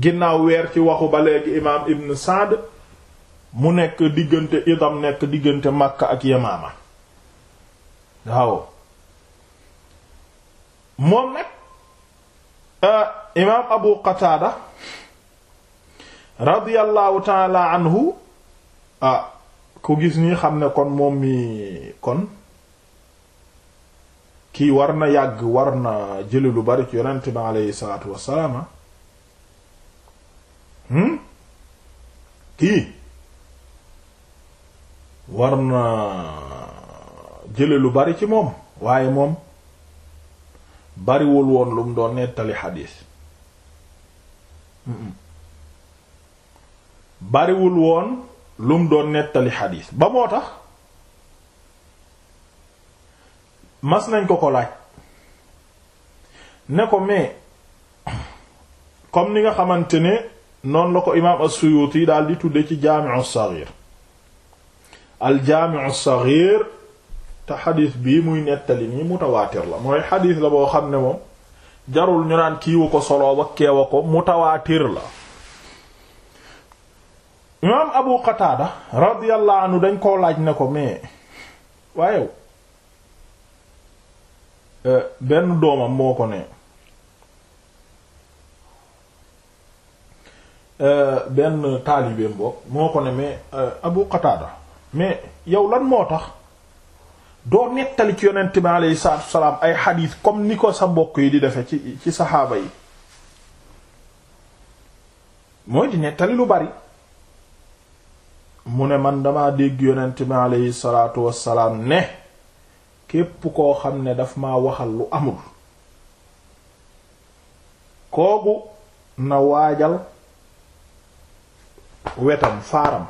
ginnaaw weer ci waxu ba léegi imaam ibn Saad mu nekk diggante idam nekk diggante Makka ak Yamaama waaw moom nag imaam Abu Qataada radiyallahu taala anhu ah ku gis nii xam ne kon moom mi kon kii war na yàgg war na jëli lu bari ci yonent bi aleyhi salaatu wassalaama hmm kii war na jële lu bari ci moom waaye moom bariwul woon lu mu doon nettali xadiis bariwul woon lu doon nettali xadiis ba moo tax mas nañ ko ko laaj ne ko mais comme ni nga xamante ne noonu la ko imaam as-Suyuti daal di tudde ci Jaami'u as-Saghir aljaamiu saxiir te xadis bii muy nettali nii mutawaatir la mooy xadis la boo xam ne moom jarul ñu naan kiiwu ko soloo ba keewa ko mutawaatir la imaam abu qataada radiyallahu anhu dañ koo laaj ne ko mais waaye euh, benn doomam moo ko ne euh, benn taalibeem boog moo ko ne mais euh, abu qataada mais yow lan moo tax doo nettali ci yonent bi aleyhi ay xadiis comme ni ko sa mbokk yi di defe ci ci saxaaba yi mooy di nettali lu bari mu ne man dama dégg yonent bi aleyhi salaatu wasalaam ne képp koo xam ne daf ma waxal lu amul kooku na waajal wetam faaram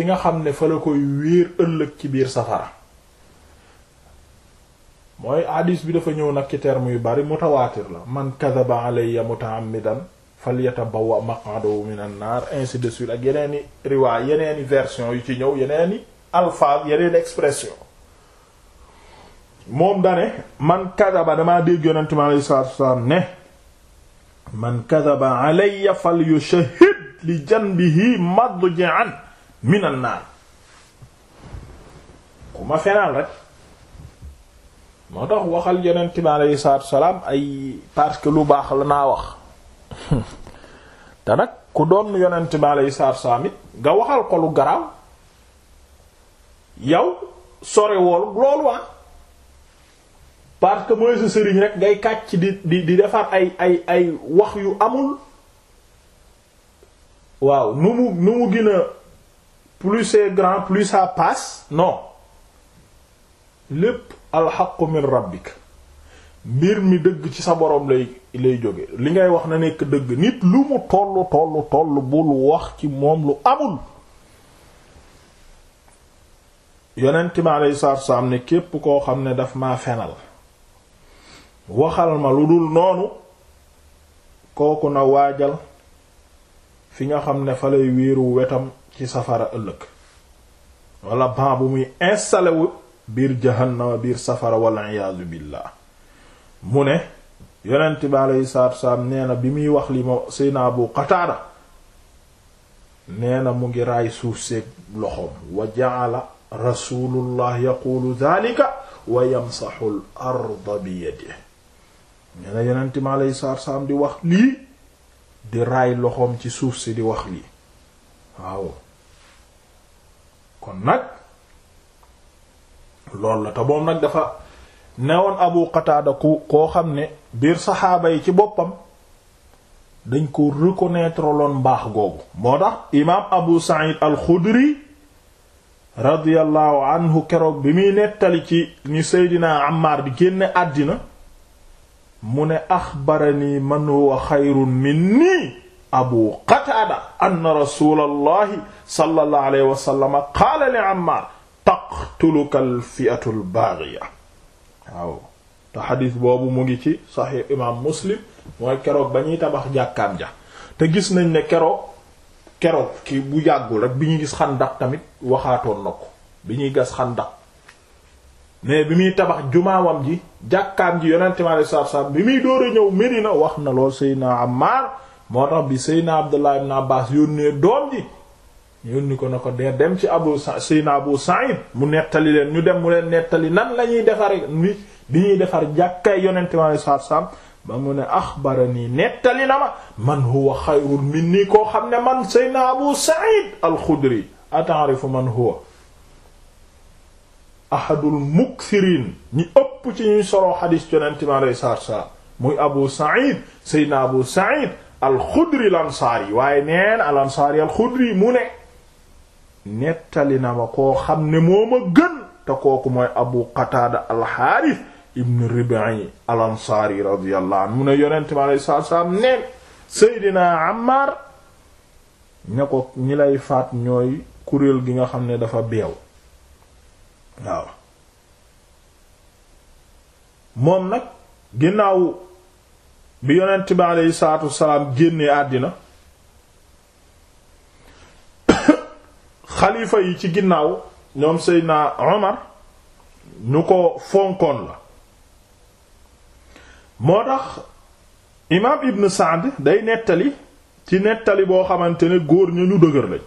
fi nga xam ne fa la koy wéer ëllëg ci biir safara mooy hadis bi dafa ñëw nag ci terme yu bari mutawaatir la man kadaba alayya mutaammidan falyatabawwa maq'adahu minan nar de suite ak yeneeni riwaay yu ci ñëw yeneeni alphabe yeneeni expression moom dane man kadaba damaa dégg yonente mi alayhi salaatu wasalaam ne man kadaba alayya falyushahhid li janbihi madji'an minan naar ku ma fenal rek moo tax waxal yonent bi aleyhi salaatu salaam ay parce que lu baax la naa wax (laughs) te nag ku doon yonent bi aleyhi salaatu salaam it nga waxal ko lu garaaw yow sore wool loolu waa ah. parce que mooy sa sëriñ rek ngay kàcc di di defar ay ay ay wax yu amul waaw nu mu nu mu gën plus c'est grand plus ça paas no lépp alxaqu min rabbik mbir mi dëgg ci sa boroom lay lay jóge li ngay wax na nekk dëgg nit lu mu tollu tollu tollu bul wax ci moom lu amul yonent mi alayhi salaatu salaam ne képp koo xam ne dafa ma fenal waxal ma lu dul noonu kooku na waajal fi nga xam ne fa lay wéeru wetam ci safara ëllëg wala ban bu muy installé wu biir jahannama biir safara wala iyaazu billah mu ne yonent bi aleyhi salaatu wasalaam bi muy wax li ma sayna Abu Qataada neena mu ngi raay suuf seeg loxoom wa ja'ala rasulullah yaqulu dhalika wa yamsahu al bi yadihi nee na yonent bi aleyhi di wax lii di raay loxoom ci suuf si di wax lii waaw kon nag lool la te moom nag dafa newoon Abu Qatada ku koo xam ne biir saxaaba yi ci boppam dañ ko reconnaître loon mbaax googu moo tax imaam Abu Sa'id al-Khudri radiyallahu anhu keroog bi muy nettali ci ni Seydina Ammar di génne àddina mu ne axbarani man huwa mi minni abu qataada anna rasulallahi sallallahu alayhi wa sallam qaala li ammaar taqtuluka alfi'atu albaagiya waaw te xadis boobu mu ngi ci saxiix imaam muslim mooy keroog ba ñuy tabax jàkkaam ja te gis nañ ne keroog keroog ki bu yàggul rek bi ñuy gis xandax tamit waxaatoon na ko bi ñuy gas xandax mais bi muy tabax jumaawam ji jàkkaam ji yonente mi alei satu salaam bi muy dóor a ñëw Medina wax na lool Seydina Ammaar moo tax bi Seydina Abdullah ibn Abbas yónnee doom ji yónni ko na ko de dem ci Abu Seydina Abu Sa'id mu nettali leen ñu dem mu leen nettali nan lañuy defar ni bi ñuy defar jàkkay yonente mi alei satu ba mu ne axbarani nettali na ma man huwa xayrun minni koo xam ne man Seydina Abu Sa'id al-Khudri ata'rifu man huwa ahadul mukthiriin ñi ëpp ci ñuy soroo xadiis yonente mi alei satu muy Abu Sa'id seyna Abu Sa'id alxudri al ansaari waaye neen al alxudri mu ne nettali na ma koo xam ne moo ma gën te kooku mooy abu qataada alxaaris ibn ribai al ansaari radiyallahu mu ne yonent mi alayhi salaatu seydina ammaar ña ko ñi lay faat ñooy kuréel gi nga xam ne dafa beew waaw moom nag ginnaaw bi yonent bi aleyhi salaatu wasalaam àddina xalifa yi ci ginnaaw ñoom Seydina Omar ñu ko fonkoon la moo tax imaam Ibn Sa'd day nettali ci nettali boo xamante ne góor ñu ñu dëgër lañ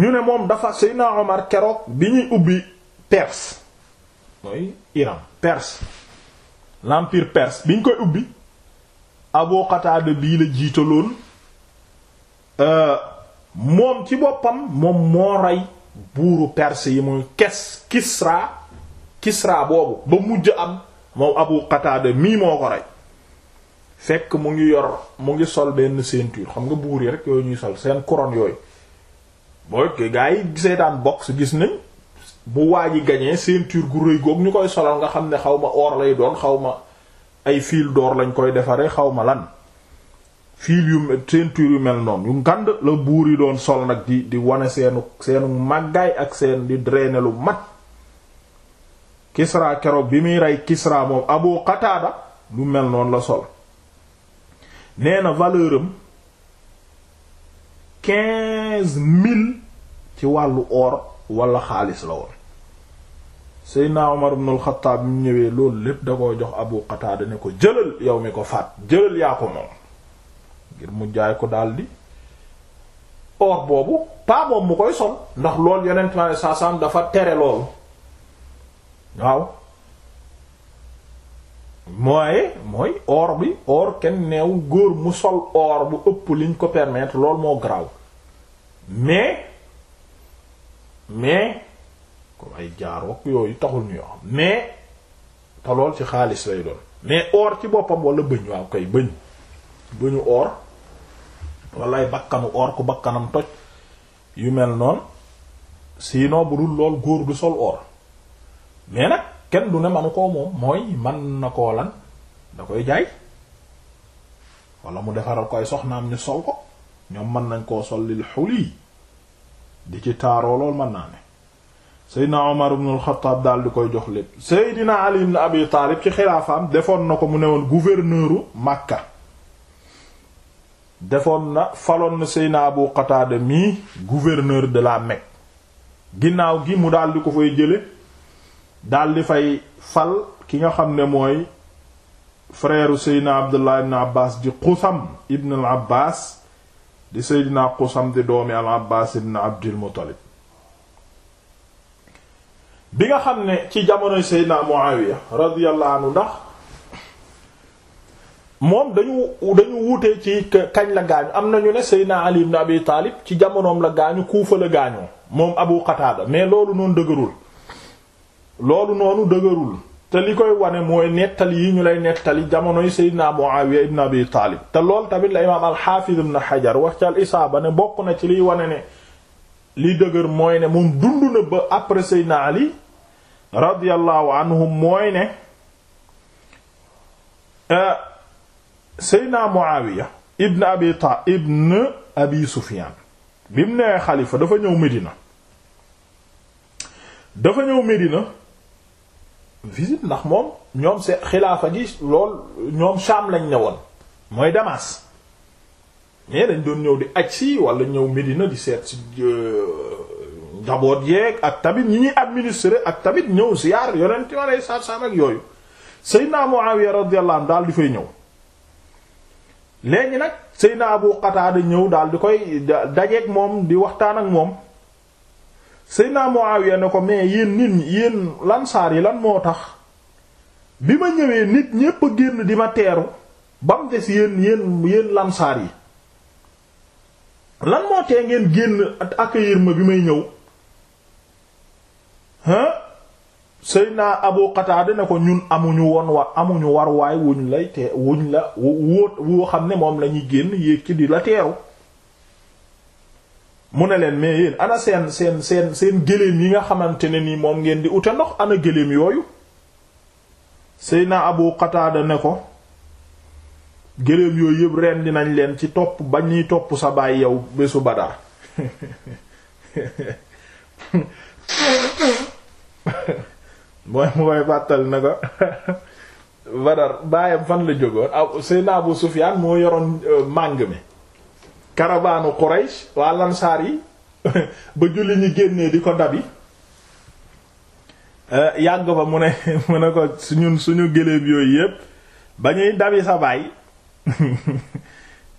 ñu ne moom dafa Seydina Omar keroog bi ñuy ubbi Perse mooy Iran Perse l'empire perse biñ koy ubbi Abu Qatada bii la jiitaloon euh, moom ci boppam moom moo rey buuru perse yi mooy kes Kisra Kisra boobu ba mujj am moom Abu Qatada mii moo ko rey fekk mu ngi yor mu ngi sol benn ceinture xam nga buur yi rek yooyu ñuy sol seen couronne yooyu boo gaa yi seetaan si gis ni bu waaji gañee ceinture gu rëy goog ñu koy solal nga xam ne xawma ma or lay doon xaw ma ay fil door lañ koy defaree xaw ma lan fiil yu ceinture yu mel noonu yu ngand la buur yi doon sol nag di di wane seenu seenu màggaay ak seen di drainer lu mat Kisra keroog bi muy rey Kisra moom Abu Qatada lu mel noon la sol nee na valeur ci wàllu or walla xaalis la woon naaw Omar ibn al bi mu ñëwee loolu lépp da koo jox Abu Qatada ne ko jëlal yow mi ko faat jëlal yaa ko moom ngir mu jaay ko daldi or boobu paa moom mu koy sol ndax lool yonent ma saa dafa tere loolu waaw mooy mooy or bi or kenn neew góor mu sol or bu ëpp liñ ko permetre loolu moo garaaw mais mais comme ay jaaroog yooyu taxul ñuy wax mais te lool ci xaalis lay doon mais or ci boppam wala bëñ waaw koy bëñ bëñu or wala ay bakkanu or ku bakkanam toj yu mel noon sinon bu dul lool góor du sol or mais nag kenn du ne manu koo moom mooy man na koo lan da koy jaay wala mu defaral ko ay soxnaam ñu sol ko ñoom mën nañ koo sol lil di ci taaroo lool mën naa ne seydina omar ibn al-Khattab di koy jox lépp seydina ali ibn abi ci xilaafaam defoon na ko mu ne woon gouverneuru Makka defoon na faloon na seydina Abu Qatada mii gouverneur de la Mecque ginnaaw gi mu daal di ko fay jële daal di fay fal ki nga xam ne mooy frère seydina Abdullah ibn Abbas di Qusam ibn al di seydina Qusam di doomi al-Abbas ibn Abdul Muttalib bi nga xam ne ci jamonoy Seydina Muawiya radiyallahu anhu ndax moom dañu dañu wutee ci kañ la gaañu am na ñu ne Seydina Ali ibn Abi Taalib ci jamonoom la gaañu Kuufa la gaañoo moom Abu Qataada mais loolu noonu dëgërul loolu noonu dëgërul te li koy wane mooy nettali yi ñu lay nettali jamono Seydina Muawiya ibn Abi Taalib te lool tamit la imaam al-Hafiz ibn Hajar wax ci al-Isaaba ne bokk na ci liy wane ne li dëgër mooy ne moom dund na ba après Seydina radiyallahu anhum mooy ne euh, seydna Muawiya ibn abi ta ibn abi Sufyaan bi mu nee xalifa dafa ñëw Medina dafa ñëw Medina visite ndax moom ñoom seen xilaafa gi lool ñoom Sham lañ ne woon mooy Damas mais dañ doon ñëw di aj si wala ñëw Medina di seet si euh, njaboot yeeg ak tamit ñi ñuy administrer ak tamit ñëw ziyaar yonent mi alayhi salaatu salaam ak yooyu Seydina Muawiya radiyallahu anhu daal di fay ñëw léegi nag Seydina Abu Qatada ñëw daal di koy dajeeg moom di waxtaan ak moom Seydina Muawiya ne ko mais yéen nit ñi yéen lansaar yi lan moo tax bi ma ñëwee nit ñépp a génn di ma teeru ba mu des yéen yéen yéen lansaar yi lan moo tee ngeen génn accueillir ma bi may ñëw sëy Seydina Abu Qatada ne ko ñun amuñu woon wa amuñu war waay wuñ lay te wuñ la wóot woo xam ne moom lañuy génn yéeg ci di la teeru mu ne leen mais yéen ana seen seen seen seen gëléem yi nga xamante ne nii moom ngeen di ute ndox ana gëléem yooyu sëy Seydina Abu xataada ne ko gëléem yooyu yëpp ren dinañ leen ci topp bañ ñuy topp sa baay yow bésu Badar (laughs) (laughs) mooy mu koy bàttal na ko (laughs) Badar baayam fan la jógoon aw Seydina Abu Sufyaan moo yoroon euh, màng mi karabaanu Quraysh waa lansaar yi (laughs) ba julli ñi génnee di ko dabi euh, yàgg fa mu ne mu ne ko suñun suñu géléeb yooyu yépp ba ñuy dabi sa baay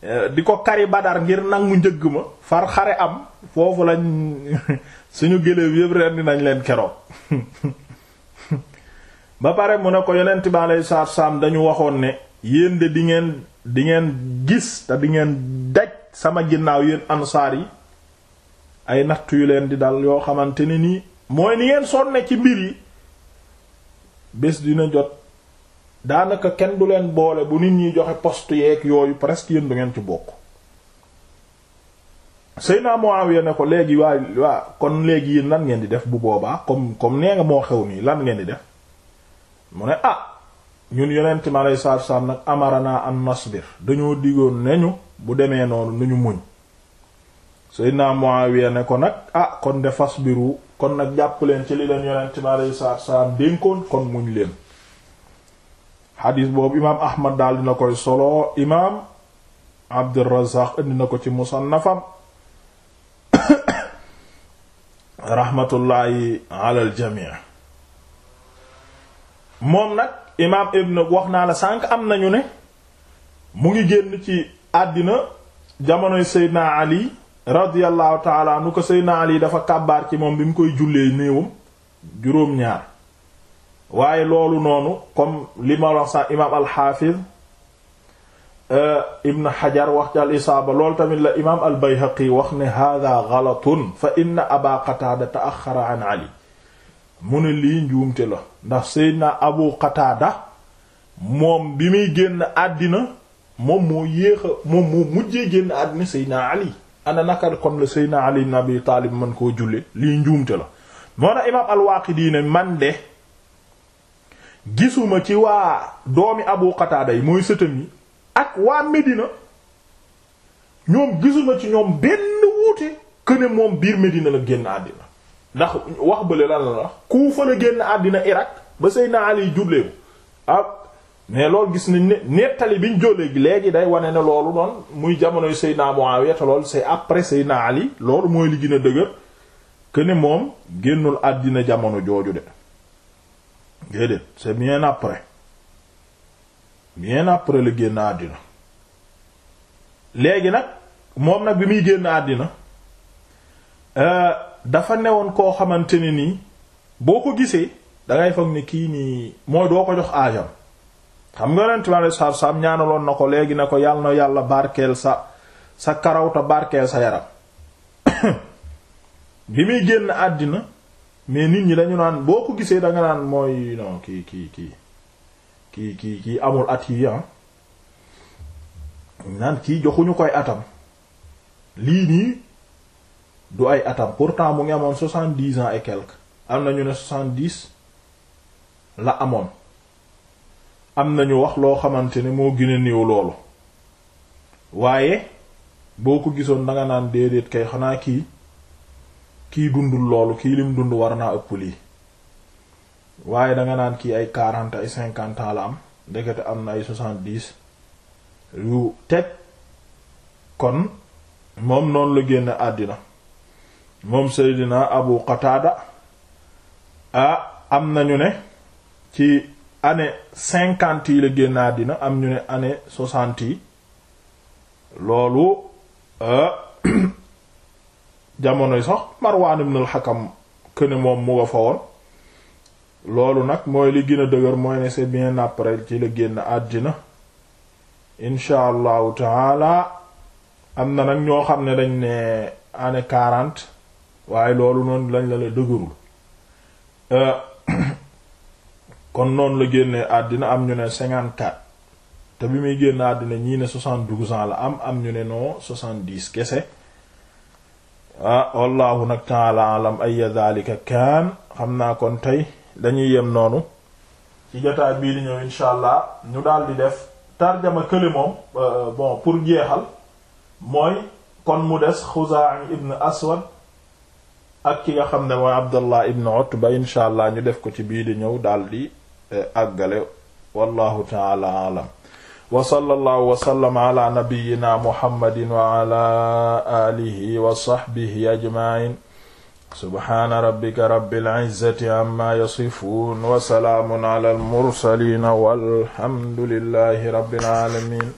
Euh, di ko kari badar ngir nangu njëgg ma far xare am foofu lañ (laughs) suñu géléem yépp rendi nañ leen keroo (laughs) ba pare mu ne ko yonent bi alayhi salaatu salaam dañu waxoon ne yéen de di ngeen di gis te di ngeen daj sama ginnaaw yéen ansaar yi ay nattu yu leen di dal yoo xamante ni nii mooy ni ngeen sonne ci mbir yi bés dina jot daanaka kenn du leen boole bu nit ñi joxe poste yeeg yooyu presque yéen du ngeen ci bokk naa Seydina Muawiya ne ko léegi waa waa kon léegi yéen lan ngeen di def bu boobaa comme comme nee nga moo xew nii lan ngeen di def mu ne ah ñun yonent mi aleyhi salaatu salaam nag amarana an nasbir dañoo digoon ñu bu demee noonu nu ñu muñ Seydina Muawiya ne ko nag ah kon de fasbiru kon nag jàpp leen ci li leen yonent mi aleyhi salaatu salaam dénkoon kon muñ leen xadis boobu imaam ahmad daal dina koy solo imaam abdurazaq indi na ko ci musannafam (coughs) rahmatullahi ala al jami moom nag imaam ibn wax naa la sànq am nañu ne mu ngi génn ci àddina jamonoy seydna ali radiyallahu taala nu ko seydna ali dafa kàbbaar ci moom bi mu koy jullee néewam juróom-ñaar waaye loolu noonu comme li ma wax imaam alxaafiz euh, ibn xajar wax ci al tamit la imaam al wax ne hada galatun fa inna aba qataada taaxara an ali mu ne lii njuumte la ndax seydna abu qataada moom bi muy génn àddina moom moo yéex moom moo mujjee génn àddina seydna ali ana naka kon la seydna ali ibn taalib mën koo jullee lii njuumte la moo tax imaam al waaqidi man de gisuma ci waa doomi Abu Qataada yi mooy sëtam yi ak waa Medina ñoom gisuma ci ñoom benn wuute këne moom biir Medina la génn àddina ndax wax bële lan la wax Kuufa la génn àddina Irak ba Seydina Ali julleebu ah mais loolu gis nañ ne nettali biñ jóolee gi léegi day wane ne loolu noonu muy jamonoy Seydina Muawiya te loolu c'est après naa Ali loolu mooy li gën a dëgër këne moom génnul àddina jamono jooju de déedéet c'est bien après bien après la génn àddina léegi nag moom nag bi muy génn àddina euh, dafa newoon koo xamante ne nii boo ko gisee dangay foog ni kii nii mooy doo ko jox aajam xam nga ren tamit saabsaab ñaanaloon na ko léegi ne ko yàlla na yàlla barkeel sa sa karawta barkeel sa yaram (coughs) bi muy génn àddina mais nit ñi dañu naan boo ko gisee danga naan mooy non kii kii kii kii kii kii amul at yi ah naan kii joxuñu koy atam lii nii du ay atam pourtant mu ngi amoon soixante-dix ans et quelque am na ñu ne soixante-dix la amoon am nañu wax loo xamante ne moo gën a néew loolu waaye boo ko gisoon danga naan déedéet kay xanaa kii kii dundul loolu kii lim dund war naa ëpp lii waaye danga naan kii ay quarante ay cinquante ans la am ndekete am na ay soixante-dix yu teg kon moom noonu la génn àddina moom Seydina Abu Qatada a am na ñu ne ci année cinquante yi la génn àddina am ñu ne année soixante yi loolu (clears throat) jamono sax Marwaan ibn al-Hakam këne moom mu nga fa woon loolu nag mooy li gën a dëgër mooy ne c'est bien après ci la génn àddina incha allahu taala am na nag ñoo xam ne dañ ne année quarante waaye loolu noonu lañ la la dëgërul euh, (coughs) kon noonu la génnee àddina am ñu ne cinquante quatre te bi muy génn àddina ñii ne soixante douze ans la am am ñu ne non soixante dix kese ah wallahu nag taala alam ay dhalika kaan xam naa kon tey dañuy yem noonu ci jotaay bii di ñëw insha allah ñu daal di def tarjama kële moom euh, bon pour jeexal mooy kon mu des Xuzaa'i ibn Aswad ak ki nga xam ne mooy Abdallah ibn Utba insha allah ñu def ko ci bii di ñëw daal di euh, àggale wallahu taala alam wa sallallahu wa sallam ala nabiyyina muhammadin wa ala alihi wa sahbihi ajma'in subhana rabbika rabbil izzati amma yasifun wa salaamun ala al mursalin walhamdulillahi rabbil alamin